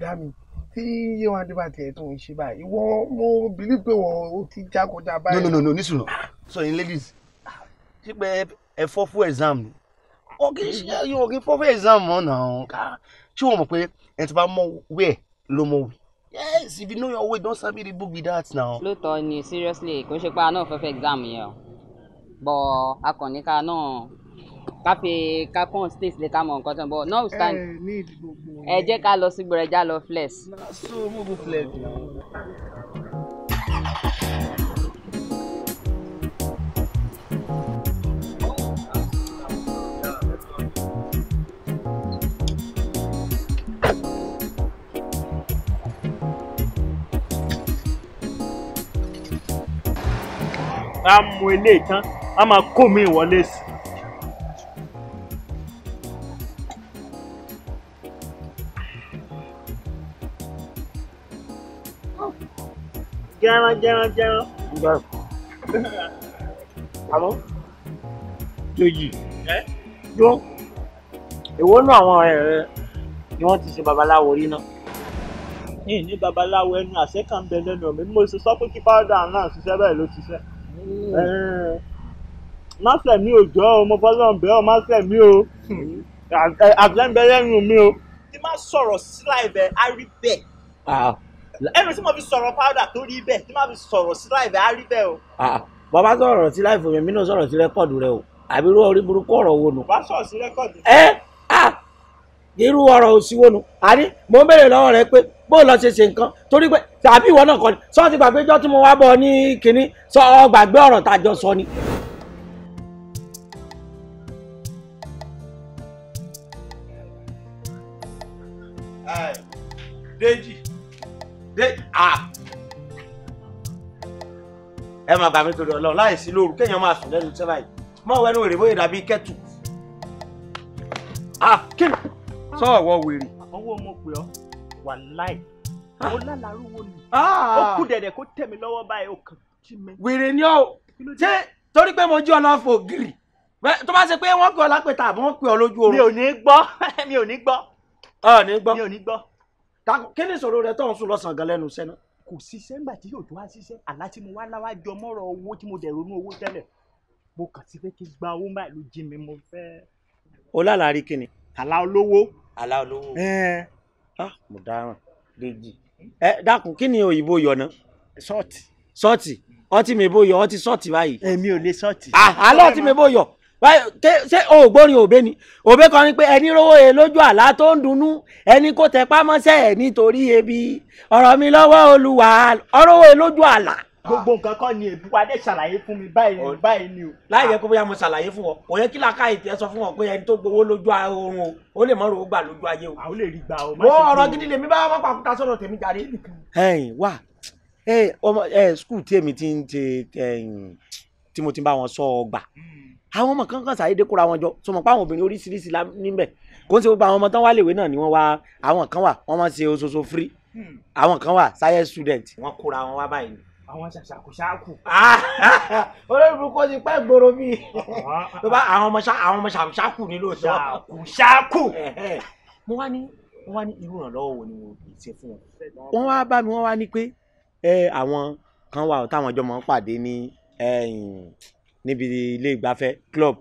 dami tí yéwọn adébàtì ẹ tó ń ṣe báyìí ìwọ mo bìlí pé wọn ò ti já kọjá báyìí. no no no no, sọ yín ladies ah. ṣé pé ẹ fọ́ exam ni o kì í ṣe yóò kì í fọ́ fẹ́ exam mọ́ náà ṣé o mọ̀ pé ẹni tó bá mọ̀ wẹ̀ ló mọ̀ wí. yes if you know your way don sabi the book be that now. lóòótọ́ ni seriously kò ń ṣe pé a náà fẹ́ exam yẹn o bọ̀ akọ̀nìkà náà ká fi ká kàn state lè ká mọ̀ nǹkan tó ń bọ̀ stand eh, ẹ jẹ́ ká lọ sí gbọ̀rẹ̀já lọ flex. na so mo go flex á mú eléyìí tán a máa kó mi ìwọlé sí i. jẹran jẹran jẹran. àmọ́ jòjì jó èwo nú àwọn ọ̀rẹ́ rẹ ni wọ́n ti ṣe babaláwo rí náà. ní ní babaláwo ẹnu àṣẹ kan ń bẹ lẹ́nu mi mo sọ pé kí powder náà ṣiṣẹ́ bẹ́ẹ̀ ló ṣiṣẹ́ má sẹ̀mí o jọ́ o mo fọ́lọ́run bẹ́ẹ̀ o má sẹ̀mí o àtẹ̀ǹbẹ̀ lẹ́nu mi o. tí má sọ̀rọ̀ sílá ibẹ̀ á rí bẹ́ẹ̀ ẹnu tí mo fi sọ̀rọ̀ powder tó rí bẹ́ẹ̀ tí má fi sọ̀rọ̀ sílá ibẹ̀ á rí bẹ́ẹ̀ o. bàbá sọ̀rọ̀ sí láìfò mi mí náà sọ̀rọ̀ sí rẹ́kọ̀dù rẹ o àbí irú orí burúkú ọ̀rọ̀ wo nù. bàbá sọ̀rọ̀ sí rẹ́kọ̀dù. ẹ ah irú ọ̀rọ̀ òsì wo nù àní mo ń béèrè lọ́wọ́ rẹ pé bó o lọ ṣe ṣe nǹkan tàbí ìwọ náà kọ́ ni sọ ti gbàgbé jọ́ tí mo wá bọ̀ ní kínní sọ ọ gbàgbé ọ̀rọ̀ tá a jọ sọ ni. Déjì Déjì ah ẹ máa bà mí torí Ọlọ́run láìsí lóru kéèyàn máa sùn lẹ́nu iṣẹ́ báyìí mọ wẹnu wèrè bóyá dàbí kẹtù ah kí ni sọ ọwọ́ wèrè. owó mo pè ọ wà láì Ah. Ah. ó lálàrúwò ni ó kù dẹ̀dẹ̀ kó tẹ̀ mí lọ́wọ́ báyìí ó kàn jí mi. wèrè ni ó ṣé torí pé mo jí ọ̀nà fò gírì tó bá ṣe pé wọ́n pè ọ́ lápẹ̀tà àbọ̀ wọ́n pè ọ́ lójú oorun. mi ò ní gbọ́ mi ò ní gbọ́. ọ ní gbọ́ mi ò ní gbọ́. kí ni ìṣòro rẹ tó ń sùn lọ́sàn-án gan lẹ́nu iṣẹ́ náà. kò síṣẹ́ ńgbà tí yóò tó wá síṣẹ́ àlá tí mo wá láwá jọ mọ́rọ̀ owó tí mo dẹ̀ ronú owó tẹ́lẹ̀ mo kàn sí pé kí gba owó máa ló jí mi mo fẹ́. o lálàá rí àlá olówó. àlá olówó. ẹ ẹ ah mo dáràn léjì ẹ dákun kí ni òyìnbó yọ ná. sọ́ọ̀tì. sọ́ọ̀tì ọtí mi bó yọ ọtí sọ́ọ̀tì báyìí. èmi ò lè sọ́ọ̀tì. àlọ́ ah, ọtí mi bó yọ ṣé ògbórin òbé ni òbé kan ni pé ẹni rówó e lójú àlá tó ń dunnú ẹni kò tẹpá mọ́ṣẹ́ ẹ̀ nítorí ebi ọ̀rọ̀ mi lọ́wọ́ olúwa ọ̀rọ̀ e lójú àlá. Ah. gbogbo nǹkan kọ́ ni èbú adé ṣàlàyé fún mi báyìí ni báyìí ni o. láì yẹ ah. kó bóyá mo ṣàlàyé fún ọ kò yẹ kí làákà ètò ẹ sọ fún ọ pé ẹni tó gbowó lójú oorun o ó lè mọ ròó gbà lójú ayé o. àwọn ò lè rí gbà o. wọ́n ọ̀rọ̀ gidi lèmi bá wọn pàkúta sọ̀rọ̀ tèmi jàre. ẹ̀yin wà ẹ ọmọ ẹ skul tí èmi ti ń ṣe ẹ̀yin tí mo ti bá wọn sọ ọgbà hmm. àwọn ọmọ kankan ṣàyédé kóra wọn jọ sọmọ pé àwọn obìnrin oríṣiríṣi níbẹ̀ kò ń ṣe gbogbo àwọn ọmọ tán wá léwé náà ni wọ́n wá àwọn kan wà wọ́n máa ń ṣe oṣooṣo free hmm. àwọn kan wà science student. wọ́n kóra wọn wá báyìí àwọn ṣàṣàkùṣàkù. Ah! olórí burúkú ti pẹ́ gbòòrò mi. àwọn ọmọ àwọn ọmọ ṣàkùṣàkù ni lóòótọ́. ṣàkùṣàkù. mo wá ní wọ́n wá ní irú ìrànlọ́wọ́ wo ni mo ṣe fún wọn. wọ́n wá bá mi wọ́n wá ní pé àwọn kan wà táwọn ọjọ́ máa ń pàdé ní níbi ilé ìgbafẹ́ club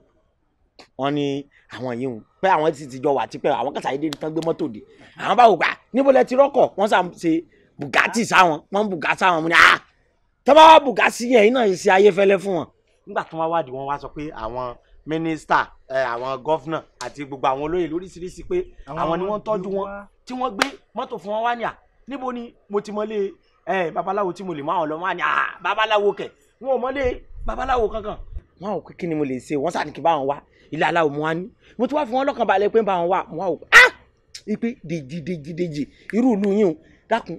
wọ́n ní àwọn yìí pé àwọn ti ti jọ wà tipẹ́ àwọn kàtà yìí tán gbé mọ́tò dé àwọn bá wò gbà ah, níbo lẹ ti rọ́kọ̀ wọ́n sà ṣe bùgátì sáwọn wọ́n bùgátì sáwọn mo ní ah tó bá wá bùkà sí yẹn iná ṣe ayé fẹ́lẹ́ fún wọn. nígbà tó wá wádìí wọn wá sọ pé àwọn mínísítà àwọn gọ́fìnà àti gbogbo àwọn olóyè lóríṣiríṣi pé àwọn ni wọ́n tọ́jú wọn tí wọ́n gbé mọ́tò fún wọn wá ní à níbo ni mo ti mọ́lé babaláwo tí mo lè máa lọ wọn ni babaláwo kẹ̀ wọn ò mọ́lé babaláwo kankan. wọn ò kí ni mo lè ṣe wọn sàní kí bá wọn wá ilé aláwo mo wá ní mo ti wá fi wọn lọ́kàn balẹ̀ pé bá wọn wá mo wá ò ah ipe dèjì dèjì dèjì irú ìlú yín o dákun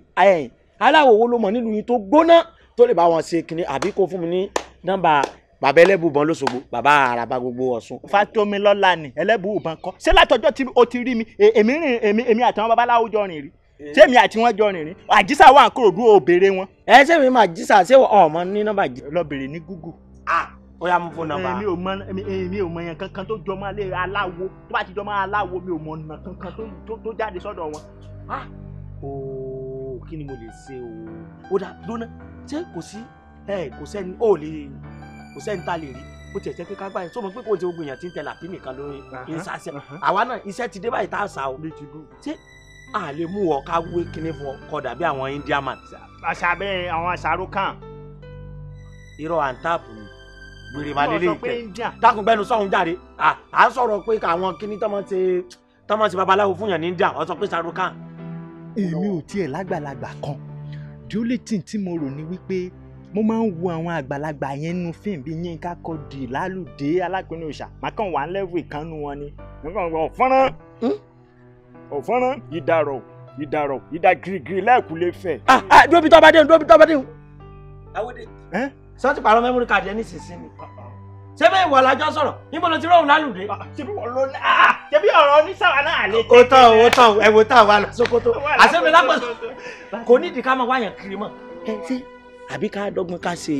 aláwo wo ló mọ̀ nílùú yín tó gbóná tó lè bá wọn ṣe kinní àbí kó fún mi ní nọ́mbà bàbá ẹlẹ́bùbọn lọ́sọ̀gbọ̀ bàbá àràbà gbogbo ọ̀ṣun. Fatomilola ni ẹlẹ́bùbọn kọ́ ṣé látọjọ́ tí o ti rí mi e, èmi rìn èmi èmi àtàwọn babaláwo jọ rìn rí sẹ́mi àti wọ́n jọ rìn rí àjísà wà kúrò dúró òbèrè wọn. ẹ mi mà àjísà ṣé ọmọ ní nọ́mbà àjísà. lọ bèrè ní Google. ah ó yá mú fún nọ́mbà. èmi ò mọ èmi ò mọ yẹn kankan tó jọmọ alẹ aláwo tó bá ti jọmọ aláwo mi ò mọ ọ̀nà kankan tó jáde sọ́dọ̀ wọn. ah ooo kí ni mo lè ṣe o ó dà lónà ṣé kò sí ẹ kò sẹ́ni ó lè kò sẹ́ni tá a lè rí bó tiẹ̀ jẹ́ pé ká gbáyé tó mọ̀ pé kò ti gbìyànjú tí ń tẹ̀lé àbí nìkan lórí ìsàsẹ̀ uh-huh, uh-huh. àwa náà iṣẹ́ ti dé báyìí tá a sà o ṣé a lè mú ọ ká wé kíní fún ọ kọ dàbí àwọn Indian man. àṣà bẹ́ẹ̀ àwọn àṣàrò kan. irọ́ à ń táàpù ni gbèrè máa lélẹ́yìn tẹ̀ dákun gbẹ́nu sọ̀hún jáde à ń sọ̀rọ̀ pé àwọn kíní tọ́mọ ti babaláwo fún yàn ní India ó sọ pé ṣàrò kan èmi ò tiẹ̀ lágbàlagbà kan the only thing tí mo rò ni wípé mo máa ń wo àwọn àgbàlagbà yẹn nínú fíìmù bíi Yínká Kọ́dì Lálùdé Alápinnu Òòṣà màá kàn wà ń lẹ́wù ìkànnù wọn ni nǹkan ọ̀gbọ̀n fọ́nrán hmm? ọ̀fọ́nrán ìdàrọ̀ ìdàrọ̀ ìdàgìrìgìrì lẹ́ẹ̀kúlé fẹ̀. Ah, ah, dóbi tó bá dé dóbi tó bá dé. àwòdì sọ́ọ́ ti pààrọ̀ mẹ́mórì káàdì ẹ̀ nísinsìnyí ṣé bẹ́ẹ̀ ìwà làjọ sọ̀rọ̀ níbo ló ti rọrùn lálùdé. Ah, ṣebí wọn ló náà ah, ah, ṣebí ọ̀rọ̀ oníṣàwà náà lè tẹ. o tán o tán ẹ wo tá a wà lọ Sókótó àṣẹmi lápẹsọ kò nídìí ká máa wáyàn kiri mọ́. ẹ ṣe àbí ká dọ́gbọ́n ká ṣe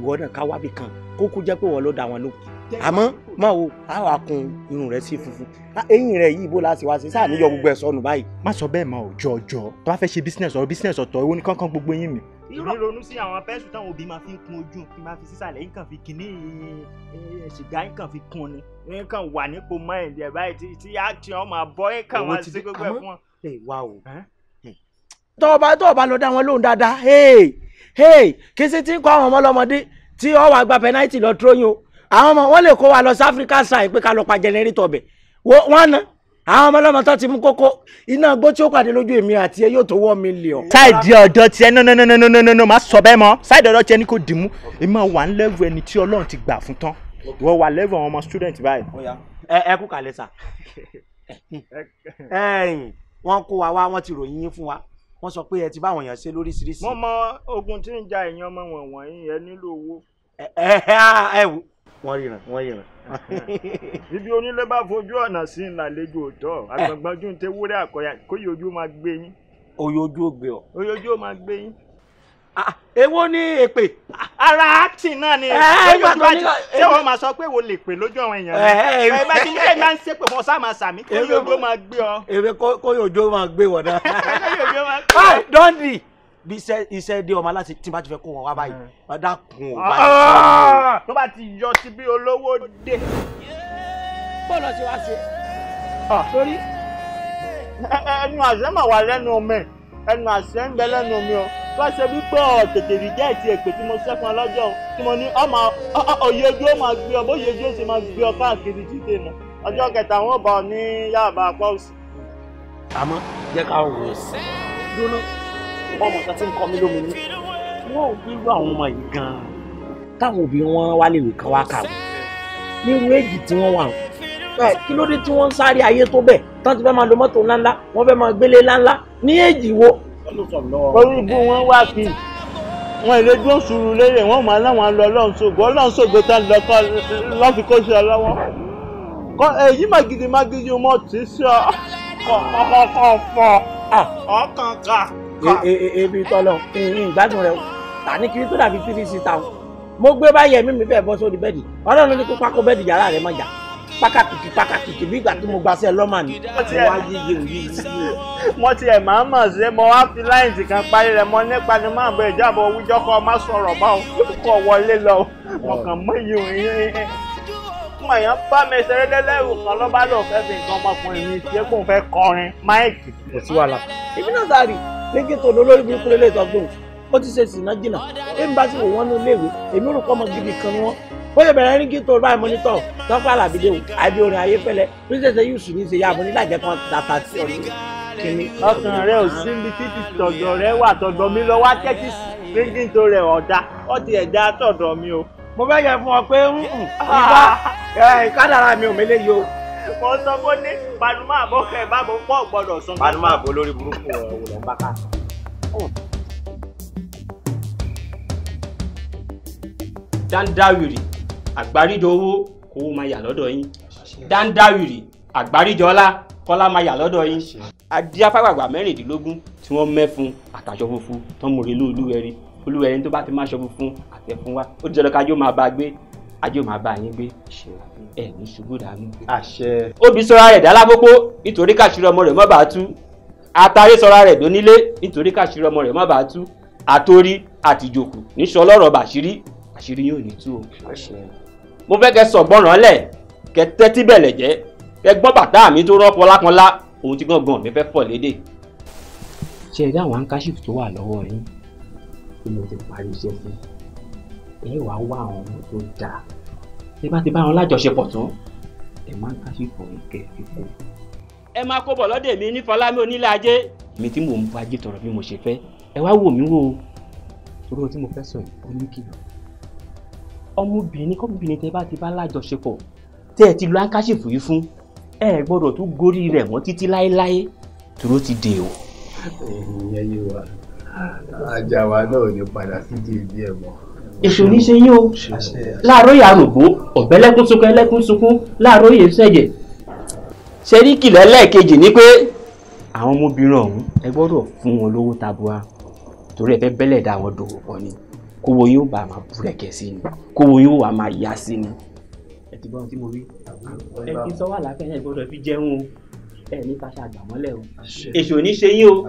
ìwọ náà ká wábì kan kókó jẹ́ pé wọ́n ló da wọn lókun àmọ́ máa wo àwọn akun irun rẹ̀ sí funfun eyín rẹ̀ yìí bó la sì wá sí sáà níyọ gbogbo ẹ̀ sọnù báyìí. má sọ bẹ́ẹ̀ mọ́ òjọ́jọ́ tó bá fẹ́ ṣe business ọ̀rọ̀ business ọ̀tọ̀ ewu ní kankan gbogbo yín mi. ìró ronú sí àwọn apẹ́sù táwọn òbí máa fi ń kun ojú kí n máa fi sísàlẹ̀ yín kàn fi kíní ṣìgá eh, yín kàn fi kun ni yín kàn wà nípò mind ẹ̀ báyìí tí action ọmọ àbọ̀ yín kàn wá sí gbogbo ẹ̀ fún wọn tọ́ọ̀bá tọ́ọ̀bá lọ dá wọn lóhùn dáadáa hey hey kí sí ti ń kọ́ àwọn ọmọ ọlọ́mọdé tí ọ wàá gba penalty lọ tróyún o àwọn ọmọ wọn lè kó wa lọ sí Africa side pé ká lọ pa jẹnẹrétọ̀ bẹ̀ wọ́n ná àwọn ọmọ ọlọ́mọ tó ti mú kókó iná gbó tí ó pàdé lójú èmi àti ẹ yóò tó wọ́ mílíọ̀n. ṣáìdì ọ̀dọ́ tiẹ̀ nọ́nọ́nọ́nọ́nọ́nọ́ má sọ bẹ́ẹ̀ mọ́ ṣáìdì ọ̀dọ́ tiẹ̀ ní kò dìmú èmi wà ń lẹ́wọ̀ ẹni tí Ọlọ́run ti gbà fún tán ìwọ wà lẹ́wọ̀ àwọn ọmọ student báyìí. ẹ ẹ kú kàlẹ́ sà ẹyìn wọ́n kó wa wá wọ́n ti ròyìn yín fún wa wọ́n sọ pé ẹ ti báwọn èèyàn ṣe lóríṣiríṣi. mo mọ ogun tí ń ja èèyàn ọmọ wọ̀nyí ẹ nílò owó. ẹ ẹ ẹ wò wọ́n ríran wọ́n ríran. ibi onílé bá fojú ọ̀nà sí ìlàlejò òótọ́ àgbàgbọ́njú ń tewúrẹ́ àkọyà kó yọjú máa gbé yín. oyojú ògbé ọ. oyojú ó máa gbé yín. Ah, èwo ni èpè. ara acting náà ni eh, ṣé wọn máa sọ pé wo lè pè lójú àwọn èèyàn rẹ eh, eh. ẹ bá ti ní ẹ ń ṣépè fún ọ sáà máa sàmì kó yojú máa gbé ọ. èrè kó yojú máa gbé wọ̀ náà. kó yojú máa gbé ah, ọ. dọ́ndì bí iṣẹ́ iṣẹ́ dé ọmọ aláṣẹ tí n bá ti fẹ́ kó wọn wá báyìí wọn dákun ò báyìí. Ah! tó bá ti yọ sí bí olówó dé. bọ́ọ̀lù ọ̀sẹ̀ wá ṣe. Ah, sórí. ẹnu àṣẹ mà wà lẹ́nu ọmọ ẹ̀ ẹnu àṣẹ ń bẹ lẹ́nu mi o tó ṣe wípé ọ̀ tètè rí jẹ́ ìtì èpè tí mo ṣẹ́ fún tí mo ní ọmọ òye ojú ó máa gbé ọ bóyè ojú ó sì máa gbé ọ káàkiri jíde nù ọjọ́ kẹta wọn bọ̀ ní yàrá àpọ̀ òsì. àmọ́ jẹ́ ká wò ó ọmọ kan tí ń kọ mí lóminú wọn ò bí irú àwọn ọmọ yìí gan-an táwọn òbí wọn wá lè wé kan wá kàwé nírú èjì tí wọ́n wà bẹ́ẹ̀ kí ló dé tí wọ́n ń sáré ayé tó bẹ́ẹ̀ tán ti fẹ́ máa lo mọ́tò ńláńlá wọ́n fẹ́ máa gbélé ńláńlá ní èjì wo. pẹ̀lú ìbú wọn wá kí wọn èlé dúró sùúrù lérè wọn máa láwọn lọ ọlọ́run ṣògo ọlọ́run ṣògo tán lọ́kọ́ lọ́fi kó ṣe ọlọ́wọ́ kọ èyí màgìdì màgìdì mọ́ tì í sí ọ kọ̀ọ̀kọ̀ọ̀kọ̀ ọ̀kànkà. E, e, e, ebi tọ́lọ̀ ìgbádùn rẹ̀ ta ní kiri tó dàbí three six thousand mo gbé báyẹ̀ mímí bẹ́ẹ̀ bọ́ sórí bẹ́ẹ̀dì ọlọ́run ní kó pákó bẹ́ẹ̀dì yàrá rẹ̀ mọ̀jà pákàkìkì pákàkìkì bí ìgbà tí mo gbàṣẹ lọ́mà ni wá yíyé òye yíyé. mo ti ẹ̀ máa mọ̀ sí mo wá fi láìsí kan parí rẹ̀ mọ́ nípa ni máa bẹ̀rẹ̀ jábọ̀ wíjọ́ kọ́ má sọ̀rọ̀ bá òun kọ̀ wọlé lọ mo kàn mọ iye òye mọ̀ èèyàn bá mi ṣeré lẹ́lẹ́rù kan ló bá lò fẹ́ fi nǹkan ọmọkùnrin mi ṣe kó n fẹ́ kọrin máìkì. kò sí wàhálà. èmi sáré léegi tó lórí burúkú lélẹ̀ tó gbóhùn ó ti ṣe sìnà jìnnà èmi bá sì wò wọ́n ní iléèwé èmi ò rò pọ́ ọmọ gidi kan ni wọ́n ó lè bẹ̀rẹ̀ ríngì tó báyìí mọ́nítọ̀ tọ́pọ̀ àlàbídé àbí orin ayé fẹ́lẹ́ píríṣẹ̀ṣẹ̀ yusuf ní í ṣe ya àbọ̀ nílàjẹ́ kan tàtà sí ọ̀rọ̀ kìíní. ọkàn rẹ ò sí ibi títí tọ̀dọ̀ rẹ wà tọ̀dọ̀ mi lọ wá tẹ́tí ríngì tó rẹ ọ̀dà ó ti ẹ̀dá tọ̀dọ̀ mi o. mo fẹ́ yẹ fún ọ pé ń ìbá ah. kádàrá mi ò mélé yìí o mo sọ pé ní panumá àbọ̀ kẹ́ ẹ bá mo pọ̀ gbọ́dọ̀ sọ. panumá àbọ̀ lórí burúkú ẹ̀ wò lẹ́ ń bá ká. dáńdáwìrì àgbáríjọ owó kò wó máa yà lọ́dọ̀ yín dáńdáwìrì àgbáríjọ ọlá kọ́lá máa yà lọ́dọ̀ yín adíafágbàgbà mẹ́rìndínlógún tí wọ́n mẹ́fun àtàṣọ funfun tó ń mòrè lóòlù olúwẹ̀rí tó bá fi máa ṣọ funfun àtẹ̀fun wa ó ti jẹ́ lọ́ka máa bá a gbé ajé máa bá yín gbé ẹ̀mí ṣubú dànù. obì sọra rẹ̀ dá lápòpó nítorí káṣírí ọmọ rẹ̀ mọ́ bàá tú àtàrí sọra rẹ̀ dónílé nítorí káṣírí ọmọ rẹ̀ mọ́ bàá tú àtòrí àtìjòkù níṣọ́ lọ́rọ̀ bàṣírí àṣírí yóò ní tú o. mo fẹ́ kẹ́ sọ̀gbọ́nràn lẹ̀ kẹ́ tẹ́tí bẹ̀lẹ̀ jẹ́ kẹ́ gbọ́n bàtà mi tó rán pọlápọlá òun ti gángan mi fẹ́ fọ̀ lédè. ṣe é dáhùn ankaṣíf tó wà lọ́wọ́ yín kí mo ti parí iṣẹ́ fún un ẹ wàá wá àwọn ọmọ tó dáa ẹ bá ti bá wọn lájọṣepọ̀ tán ẹ máa ń káṣí fún ìkẹ́ ìkó. ẹ máa kó bọ̀ lọ́dẹ̀ mi ní fọlámi onílé ajé. mi tí mò ń bá ajé tọrọ bí mo ṣe fẹ́ ẹ wá wò mí wò ó torí ohun tí mo fẹ́ sọ yìí ó ní kìlọ̀. ọmọbìnrin kọ́mọbìnrin tẹ bá ti bá lájọṣepọ̀ tẹ́ ẹ ti lo ankaṣífù yìí fún ẹ gbọ́dọ̀ tún gorí rẹ̀ mọ́ títí láéláé dúró ti dè o. ìyẹn yìí wá àjàwá náà ò ní padà sí ti ìdí ẹ̀ mọ́ èso ní ṣe yín o láàárọ̀ yà rògbò ọ̀bẹ lẹ́kún sunkún ẹlẹ́kún sunkún láàárọ̀ yà sẹ̀jẹ̀. sẹ́ríkì lẹ́lẹ́kejì ni pé àwọn ọmọbìnrin ọ̀hún ẹ gbọ́dọ̀ fún wọn lówó tabua torí ẹ fẹ́ bẹ́lẹ̀ dá wọn dòwò pọ̀ ni kówó yóò bá máa búrẹ́kẹ́ sí ni kówó yóò wá máa yá sí ni. ẹ ti gbọ́n tí mo rí ẹ ti sọ wà láfẹ́ ẹ gbọ́dọ̀ fi jẹun ẹ ní ká ṣàgbàmọ́lẹ̀ o èso ní ṣe o.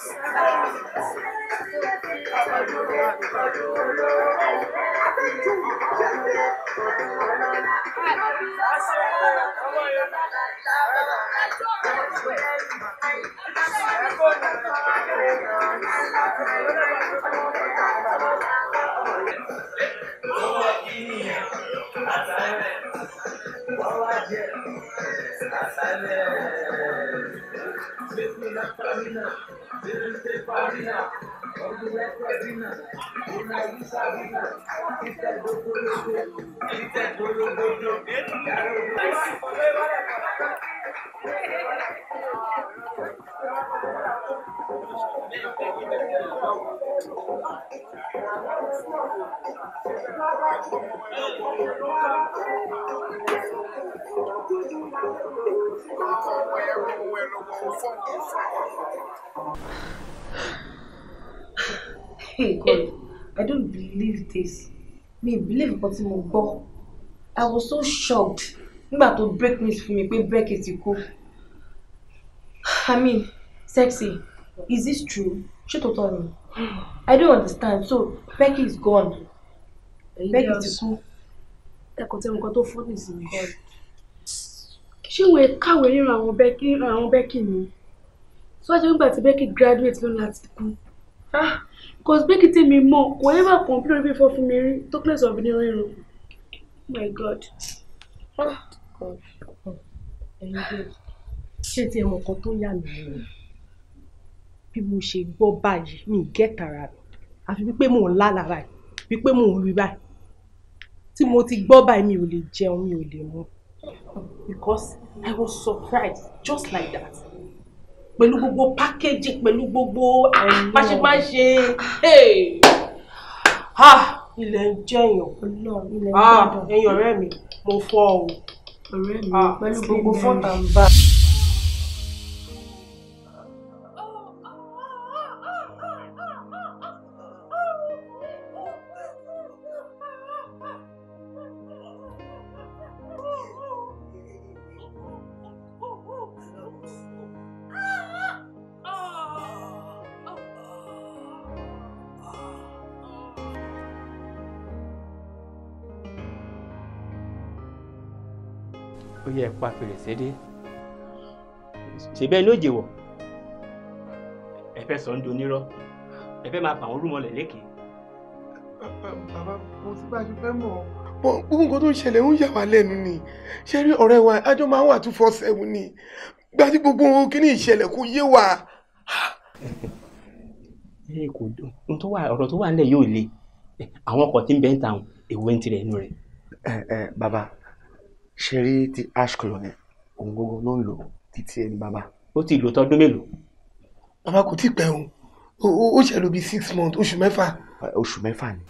Assignment. Assignment. Desde la cabina, desde este parina, cuando la cabina, una guisa vina, quita el gozo de tu, quita el gozo de tu, quita el gozo de tu, quita el gozo de tu, Oh, Hey God, I don't believe this. Me believe nǹkan tí go. I was so shocked nígbà to break news fún mi pé Becky ti kú. I mean, sexy, is this true? Ṣé tòótọ́ me? I don't understand. So, Becky is gone. Becky ti kú. Ẹ kò tẹ́ nǹkan tó fún mi my mi ṣé wọn kàwé nínú àwọn bẹ́kì àwọn bẹ́kì ni sọ jẹ́ nígbà tí bẹ́kì graduate lọ́nà láti kú ah, cause bẹ́kì tèmi mọ̀ kò ẹ́ bá kọ̀ǹpútà orí fífọ́ fún mi rí tó place of ní orin rùn my god. Ah. ṣé ti ẹ̀wọ̀n kan tó yà mí nìyẹn bí mo ṣe gbọ́ báyìí mi gẹ́tara mi àfi wípé mò ń lálàra ẹ̀ wípé mò ń rí báyìí tí mo ti gbọ́ báyìí mi ò lè jẹun mi ò lè mu because I was surprised just like that pẹ̀lú gbogbo pákéjì pẹ̀lú gbogbo àpàṣemáṣe ah, ah, ilẹ̀ ń jẹ́yàn ah, ẹ̀yìn ọ̀rẹ́ mi mo fọ́ ọ. ọ̀rẹ́ mi pẹ̀lú gbogbo fọ́tà ń bá a. yẹ ẹ pa fèrèsé dé. ṣèbẹ́ ló jèwọ̀ ẹ fẹ́ sọ ń donírọ́ ẹ fẹ́ máa pa àwọn rúmọlẹ̀ lékèé. bàbá mo ti bá a ṣe fẹ́ mọ̀ ọ́ gbogbo nǹkan tó ń ṣẹlẹ̀ ń yà wá lẹ́nu ni ṣe rí ọ̀rẹ́ wa ajọ́ máa ń wà two four seven ni gba tí gbogbo ohun kí ni ìṣẹ̀lẹ̀ kò yé wa. ẹ kò dùn ohun tó wà ọ̀rọ̀ tó yóò le àwọn ọkọ̀ tí ń bẹ́ ń ta àwọn èwo ń tirẹ̀ inú rẹ̀. ẹ ẹ bàbá ṣe rí ti ash color yẹn òun gbogbo ló ń lò títí ẹni bàbá ó ti lò tọdún mélòó. bàbá kò tí ì pẹ́ o ó ṣe lò six months oṣù mẹ́fà. oṣù mẹ́fà ni.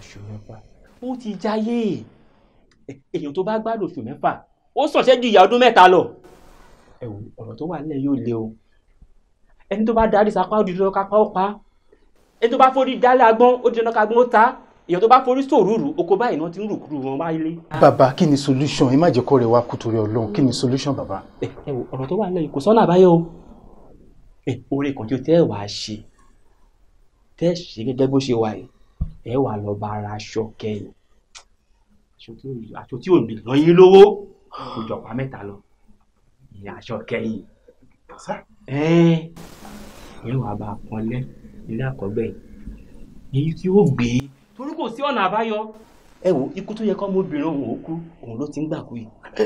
oṣù mẹ́fà. ó ti jáyé èèyàn tó bá gbádùn oṣù mẹ́fà ó sọ̀ṣẹ́ ju ìyá ọdún mẹ́ta lọ. ẹ wo ọ̀rọ̀ tó wà nílẹ̀ yóò le o ẹni tó bá darí sapá ó dandan kápá ó pa ẹni tó bá forí dálé agbọ́n ó dandan kágbọ́n ó ta èèyàn tó bá forí sòrúurú oko báyìí náà ti ń rùkúrú wọn bá ilé. bàbá kí ni solution ẹ má jẹ́ kó rẹ̀ wá kú torí ọlọ́run kí ni solution bàbá. ẹ ẹ wò ọ̀rọ̀ tó wà lẹ́yìn kò sọ́nà àbáyọ o ẹ oore kan tí o tẹ́ ẹ wàá ṣe tẹ́ ẹ ṣe gẹ́gẹ́ bó ṣe wà yìí ẹ wà lọ bá ara aṣọ kẹyìn aṣọ tí ò ní ràn yín lówó kò jọ̀pá mẹ́ta lọ ìyẹn aṣọ kẹyìn ẹ ẹ wàá bá a pọnlẹ́ ilé àkọ́gbẹ̀yìn èyí tí ó gbé torí kò sí ọ̀nà àbáyọ. ẹ wo ikú tó yẹ kọ́ ọmọbìnrin òun ò kú òun ló ti ń gbà kú yìí. ẹ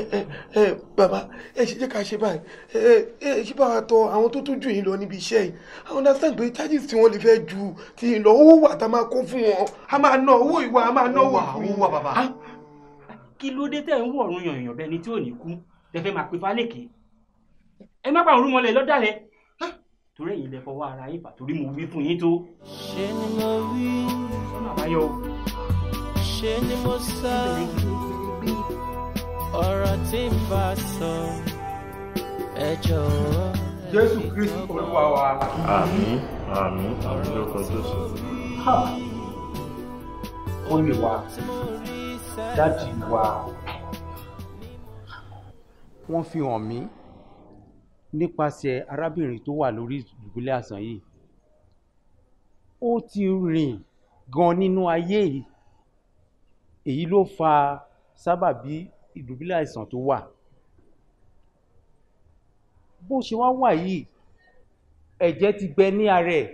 ẹ bàbá ẹ ṣe jẹ́ ká ṣe báyìí ẹ ẹ ṣe bá wa tọ àwọn tó tún jù yín lọ níbi iṣẹ́ yìí àwọn understand pé charges tí wọ́n lè fẹ́ ju ti lọ owó wà tá a máa kó fún wọn a máa ná owó ìwà a máa ná owó ìwà bàbá. kí ló dé tẹ̀ ń wọ̀ ọ̀run yànyàn bẹ́ẹ̀ ni tí ò ní kú tẹ fẹ́ máa pe fálékè ẹ má bàa rúmọlẹ̀ lọ́dàlẹ̀ torí ẹ̀yin lẹ fọwọ́ ara yín fà torí mo wí fún yín tó. ṣé ni mo wí. ṣé ni mo sọ ọ̀rọ̀ tí n bá sọ ẹ jọ̀wọ́. jésù kristu olúwa wa. àmín àmín àmín lórúkọ jésù. ó lè wá dáàdi wa. wọ́n fi hàn mí nípasẹ̀ arábìnrin tó wà lórí ìdùbúlẹ̀ àìsàn yìí ó ti rìn gan nínú ayé yìí èyí ló fa sábàbí ìdùbúlẹ̀ àìsàn tó wà bó ṣe wá wà yìí ẹ̀jẹ̀ ti gbẹ ní ara ẹ̀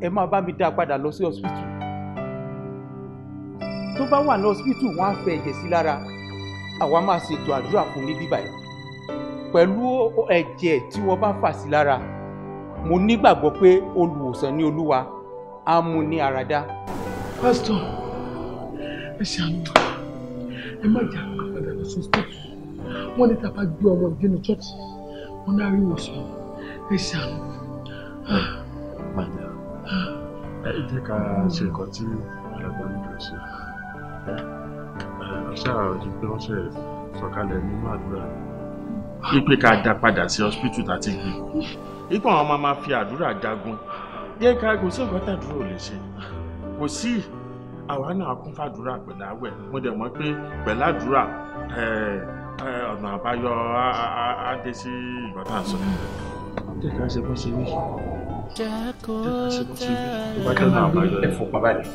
ẹ máa bá mi dá a padà lọ sí hospital tó bá wà ní hospital wọ́n á fẹ́ ẹ̀jẹ̀ sí lára àwa máa ṣètò àdúrà fún ní bíbáyìí pẹ̀lú ẹ̀jẹ̀ tí wọ́n bá fà sí lára mo nígbàgbọ́ pé olùwòsàn ní olúwa á mú ní àràdá. pásítọ̀ ẹ ṣàánú ẹ má jà padà lọ sí stéèjì wọ́n ní tá a bá gbé ọmọ ìdínú chọ́ọ̀tì wọ́n ní àríwòsàn ẹ ṣàánú. màdà ẹ jẹ́ ká ṣe nǹkan tí alàgbà ń bẹ̀rẹ̀ sí ẹ ṣáà rí pé wọ́n ṣe sọ̀kalẹ̀ nínú àdúrà mi wípé ká dá padà sí hospital tá a ti gbé ipò àwọn máa máa fi àdúrà jagun jẹ́ ká kò sí nǹkan tàdúrà ò lè ṣe kò sí àwa náà kún fàdúrà pẹ̀lú àwẹ̀ mo dẹ̀ mọ̀ pé pẹ̀lú àdúrà ọ̀nà àbáyọ á dé sí ìgbà tá à ń sọ. jẹ́ ká ṣe bó ṣe wí jẹ́ ká ṣe bó ṣe wí ìwádìí ọ̀nà àbáyọ ẹ̀fọ́ pàbá rẹ̀.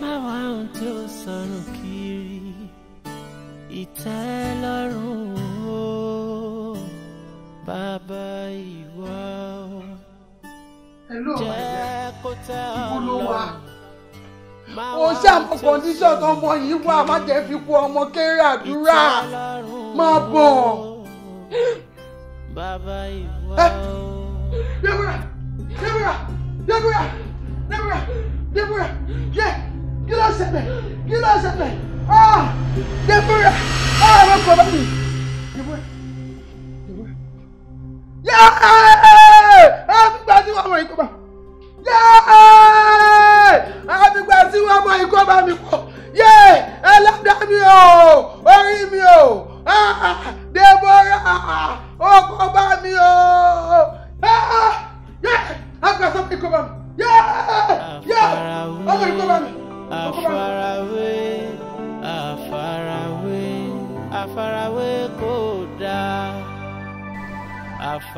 báwa ń tó sọnù kiri ìtẹ́lọ́rùn bàbá ìwà o jẹ́ kó tẹ́ ọ lọ. o ṣàmù kọ́ndíṣọ̀ tó ọmọ yìí wà má jẹ́ fi kú ọmọ kéré àdúrà má bọ̀. bàbá ìwà eh, o. Deborah! Deborah! Deborah! Deborah! Deborah! Kí ló ṣẹlẹ̀? Kí ló ṣẹlẹ̀? Ah! Deborah! Ah! Wọ́n kọ́ bá mi! Deborah! àfìgbà tí wọ́n mọ ìkọ́ba àfìgbà tí wọ́n mọ ìkọ́ba mi pọ̀ ẹlẹ́dàá mi o orí mi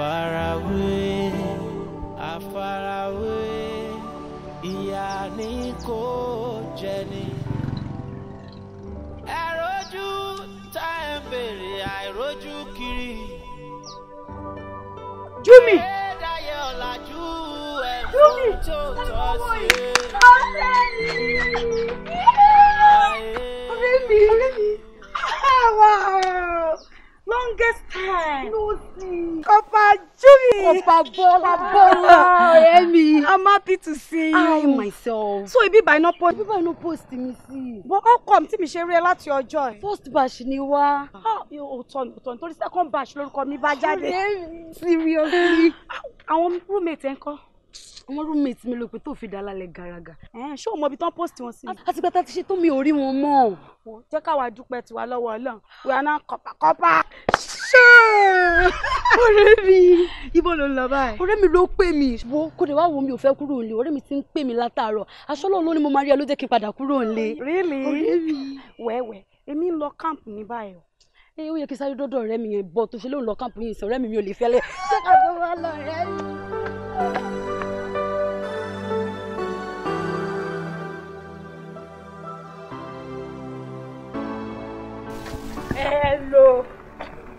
Far away, ìyà ni kò jẹni. ẹ̀rọjú tá ẹ̀ ń bèrè àìrójú kiri. Júmi. ẹ̀ẹ́dáyẹ ọ̀làjú ẹ̀ mú tó tọ́ sí i. ọ̀sẹ̀ yìí. ọ̀rẹ́ mi ọ̀rẹ́ mi. Ah, wow! Longest time. Opa Jimmy. Opa Bola Bola. Emi. I'm happy to see you. I myself. So ibi by no post. Ibi by no post mi sí. But how come tí mi ṣe rí ẹ láti ọjọ́ ẹ? First batch ni wá. Ah, ah, òótọ́ ni òótọ́ ni torí second batch lórúkọ mi bá jáde. Seriously. Ah, àwọn roommate ẹ ń kọ́ àwọn roommate mi ló pé tó fi dalalẹ̀ garaga. ẹ ṣé o mọ ibi tán post wọn sí. àti gbàtà ti ṣe tó mi ò rí wọn mọ́. jẹ́ káwa dúpẹ́ tiwa lọ́wọ́ ọlọ́run we are now kọ́pàkọ́pà ṣe. ọ̀rẹ́ mi ibo ló ń lọ báyìí. ọ̀rẹ́ mi ló pè mí wo kò dé wá wo mi ò fẹ́ kúrò nílé ọ̀rẹ́ mi ti ń pè mí látàárọ̀ aṣọ náà ló ní mo máa rí ẹ ló jẹ́ kí n padà kúrò nílé. rẹ́lì ọ̀rẹ́ mi wẹ́wẹ́ èmi ń lọ káàmpù ní báyìí o. ẹ ó yẹ kí sáré dọ́dọ̀ ọ̀rẹ́ mi yẹn bọ̀ tó ṣe lóun lọ káàmpù yìí sọ ọ̀rẹ́ mi mi ò lè fẹ́lẹ̀. ṣé kàdó wà lọ ọ̀rẹ́ mi. Hello.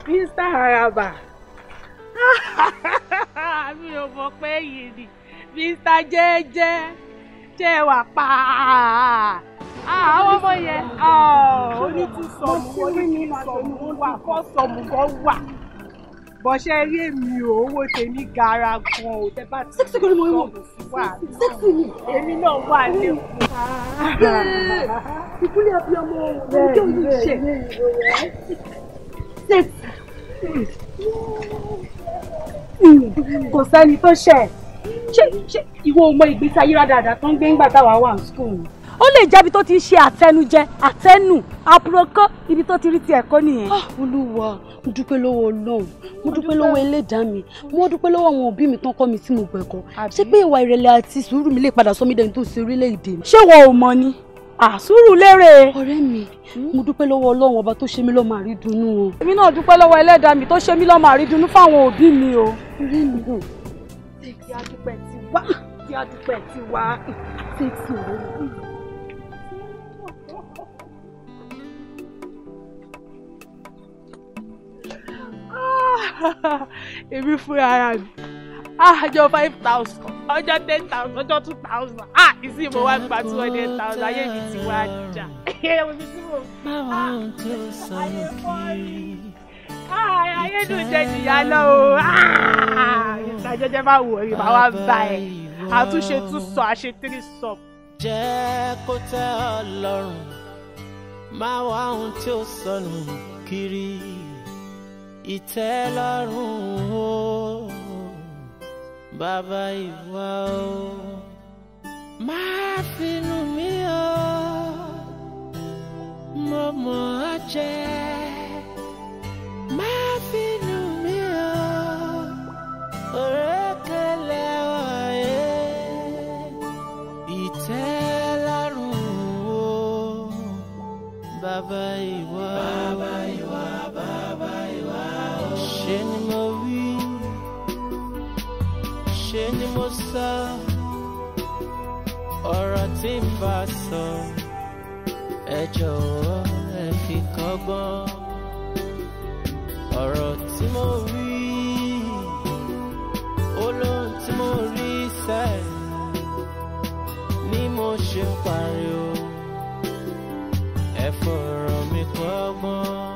Mr. Araba mi ò mọ̀ pé yìí ni Mr. Jẹ́jẹ́ ṣé ẹ wà pa ah, àwọn ọmọ yẹn ah, onítùsọ̀mù onítùsọ̀mù olùkọ́sọ̀mù kan wà bọ́ṣẹ́ rí èmi ò owó tèmi gara gan ò tẹ́ bá ti sọ́ọ̀mù sí ni. èmi náà wà ní òkú. ìkúlẹ̀ abiyamọ òun ló ń jẹ́ òun ṣe kò sẹ́ni tó ṣẹ̀ ṣé ṣé ìwọ ọmọ ìgbésí ayé rádàdà tó ń gbé ńgbà táwa wà ní skul. ó lè jẹ́ ibi tó ti ṣe àtẹnujẹ àtẹnu àpòròkó ibi tó ti rí ti ẹ̀kọ́ nìyẹn. Ah, olúwa mo dúpẹ́ lọ́wọ́ ọlọ́run mo dúpẹ́ lọ́wọ́ ẹlẹ́dàá mi mo dúpẹ́ lọ́wọ́ àwọn òbí mi tán kọ́ mi tí mo gbẹ̀kọ́ ṣé pé ìwà ìrẹ̀lẹ̀ àti sùúrù mi lè padà sọ mí dẹni tó ṣe orílẹ̀-èdè mi. ṣé wọn ò mọ ni àsúrù lérè. ọ̀rẹ́ mi mo dúpẹ́ lọ́wọ́ ọlọ́run ọba tó ṣe mí lọ́mọ àrídùnnú o. èmi náà dúpẹ́ lọ́wọ́ ẹlẹ́dàá mi tó ṣe mí lọ́mọ àrídùnnú fáwọn òbí mi o. ọ̀rẹ́ mi dùn. Hmm. tí a ti wá tí a ti wá ṣé ti rẹ̀ ah, èmi fúnra mi. Ah, ọjọ́ five thousand ọjọ́ ten thousand ọjọ́ two thousand ah ìsìn mo wá gba two hundred thousand ayé mi ti wá jà ayé mi ti wò ah ayé fọ́ọ̀rì ah ayé dùn jẹ jìyà lọ o ah ìtajẹ́jẹ́ bá wò rí bá wá bá ẹ̀ àtúnṣe tún sọ àṣe three sọ. jẹ́ kó tẹ́ ọ lọ́rùn máa wá ohun tí ó sọnù kiri ìtẹ́lọ́rùn o. Oh. Baba ìwà o má finú mi o mo mọ̀ ọ́ jẹ́ má finú mi o òrékelè ọ̀yẹ́ ìtẹ́lọ́rùn o bàbá ìwà o. ṣe ni mo sọ ọ̀rọ̀ tí n bá sọ ẹ jọ̀wọ́ ẹ fi kọ́gbọ́n ọ̀rọ̀ tí mo wí olóhùn tí mo rí sẹ́ẹ̀ ni mo ṣe ń pariwo ẹ fọ̀rọ̀ mi kọ́gbọ́n.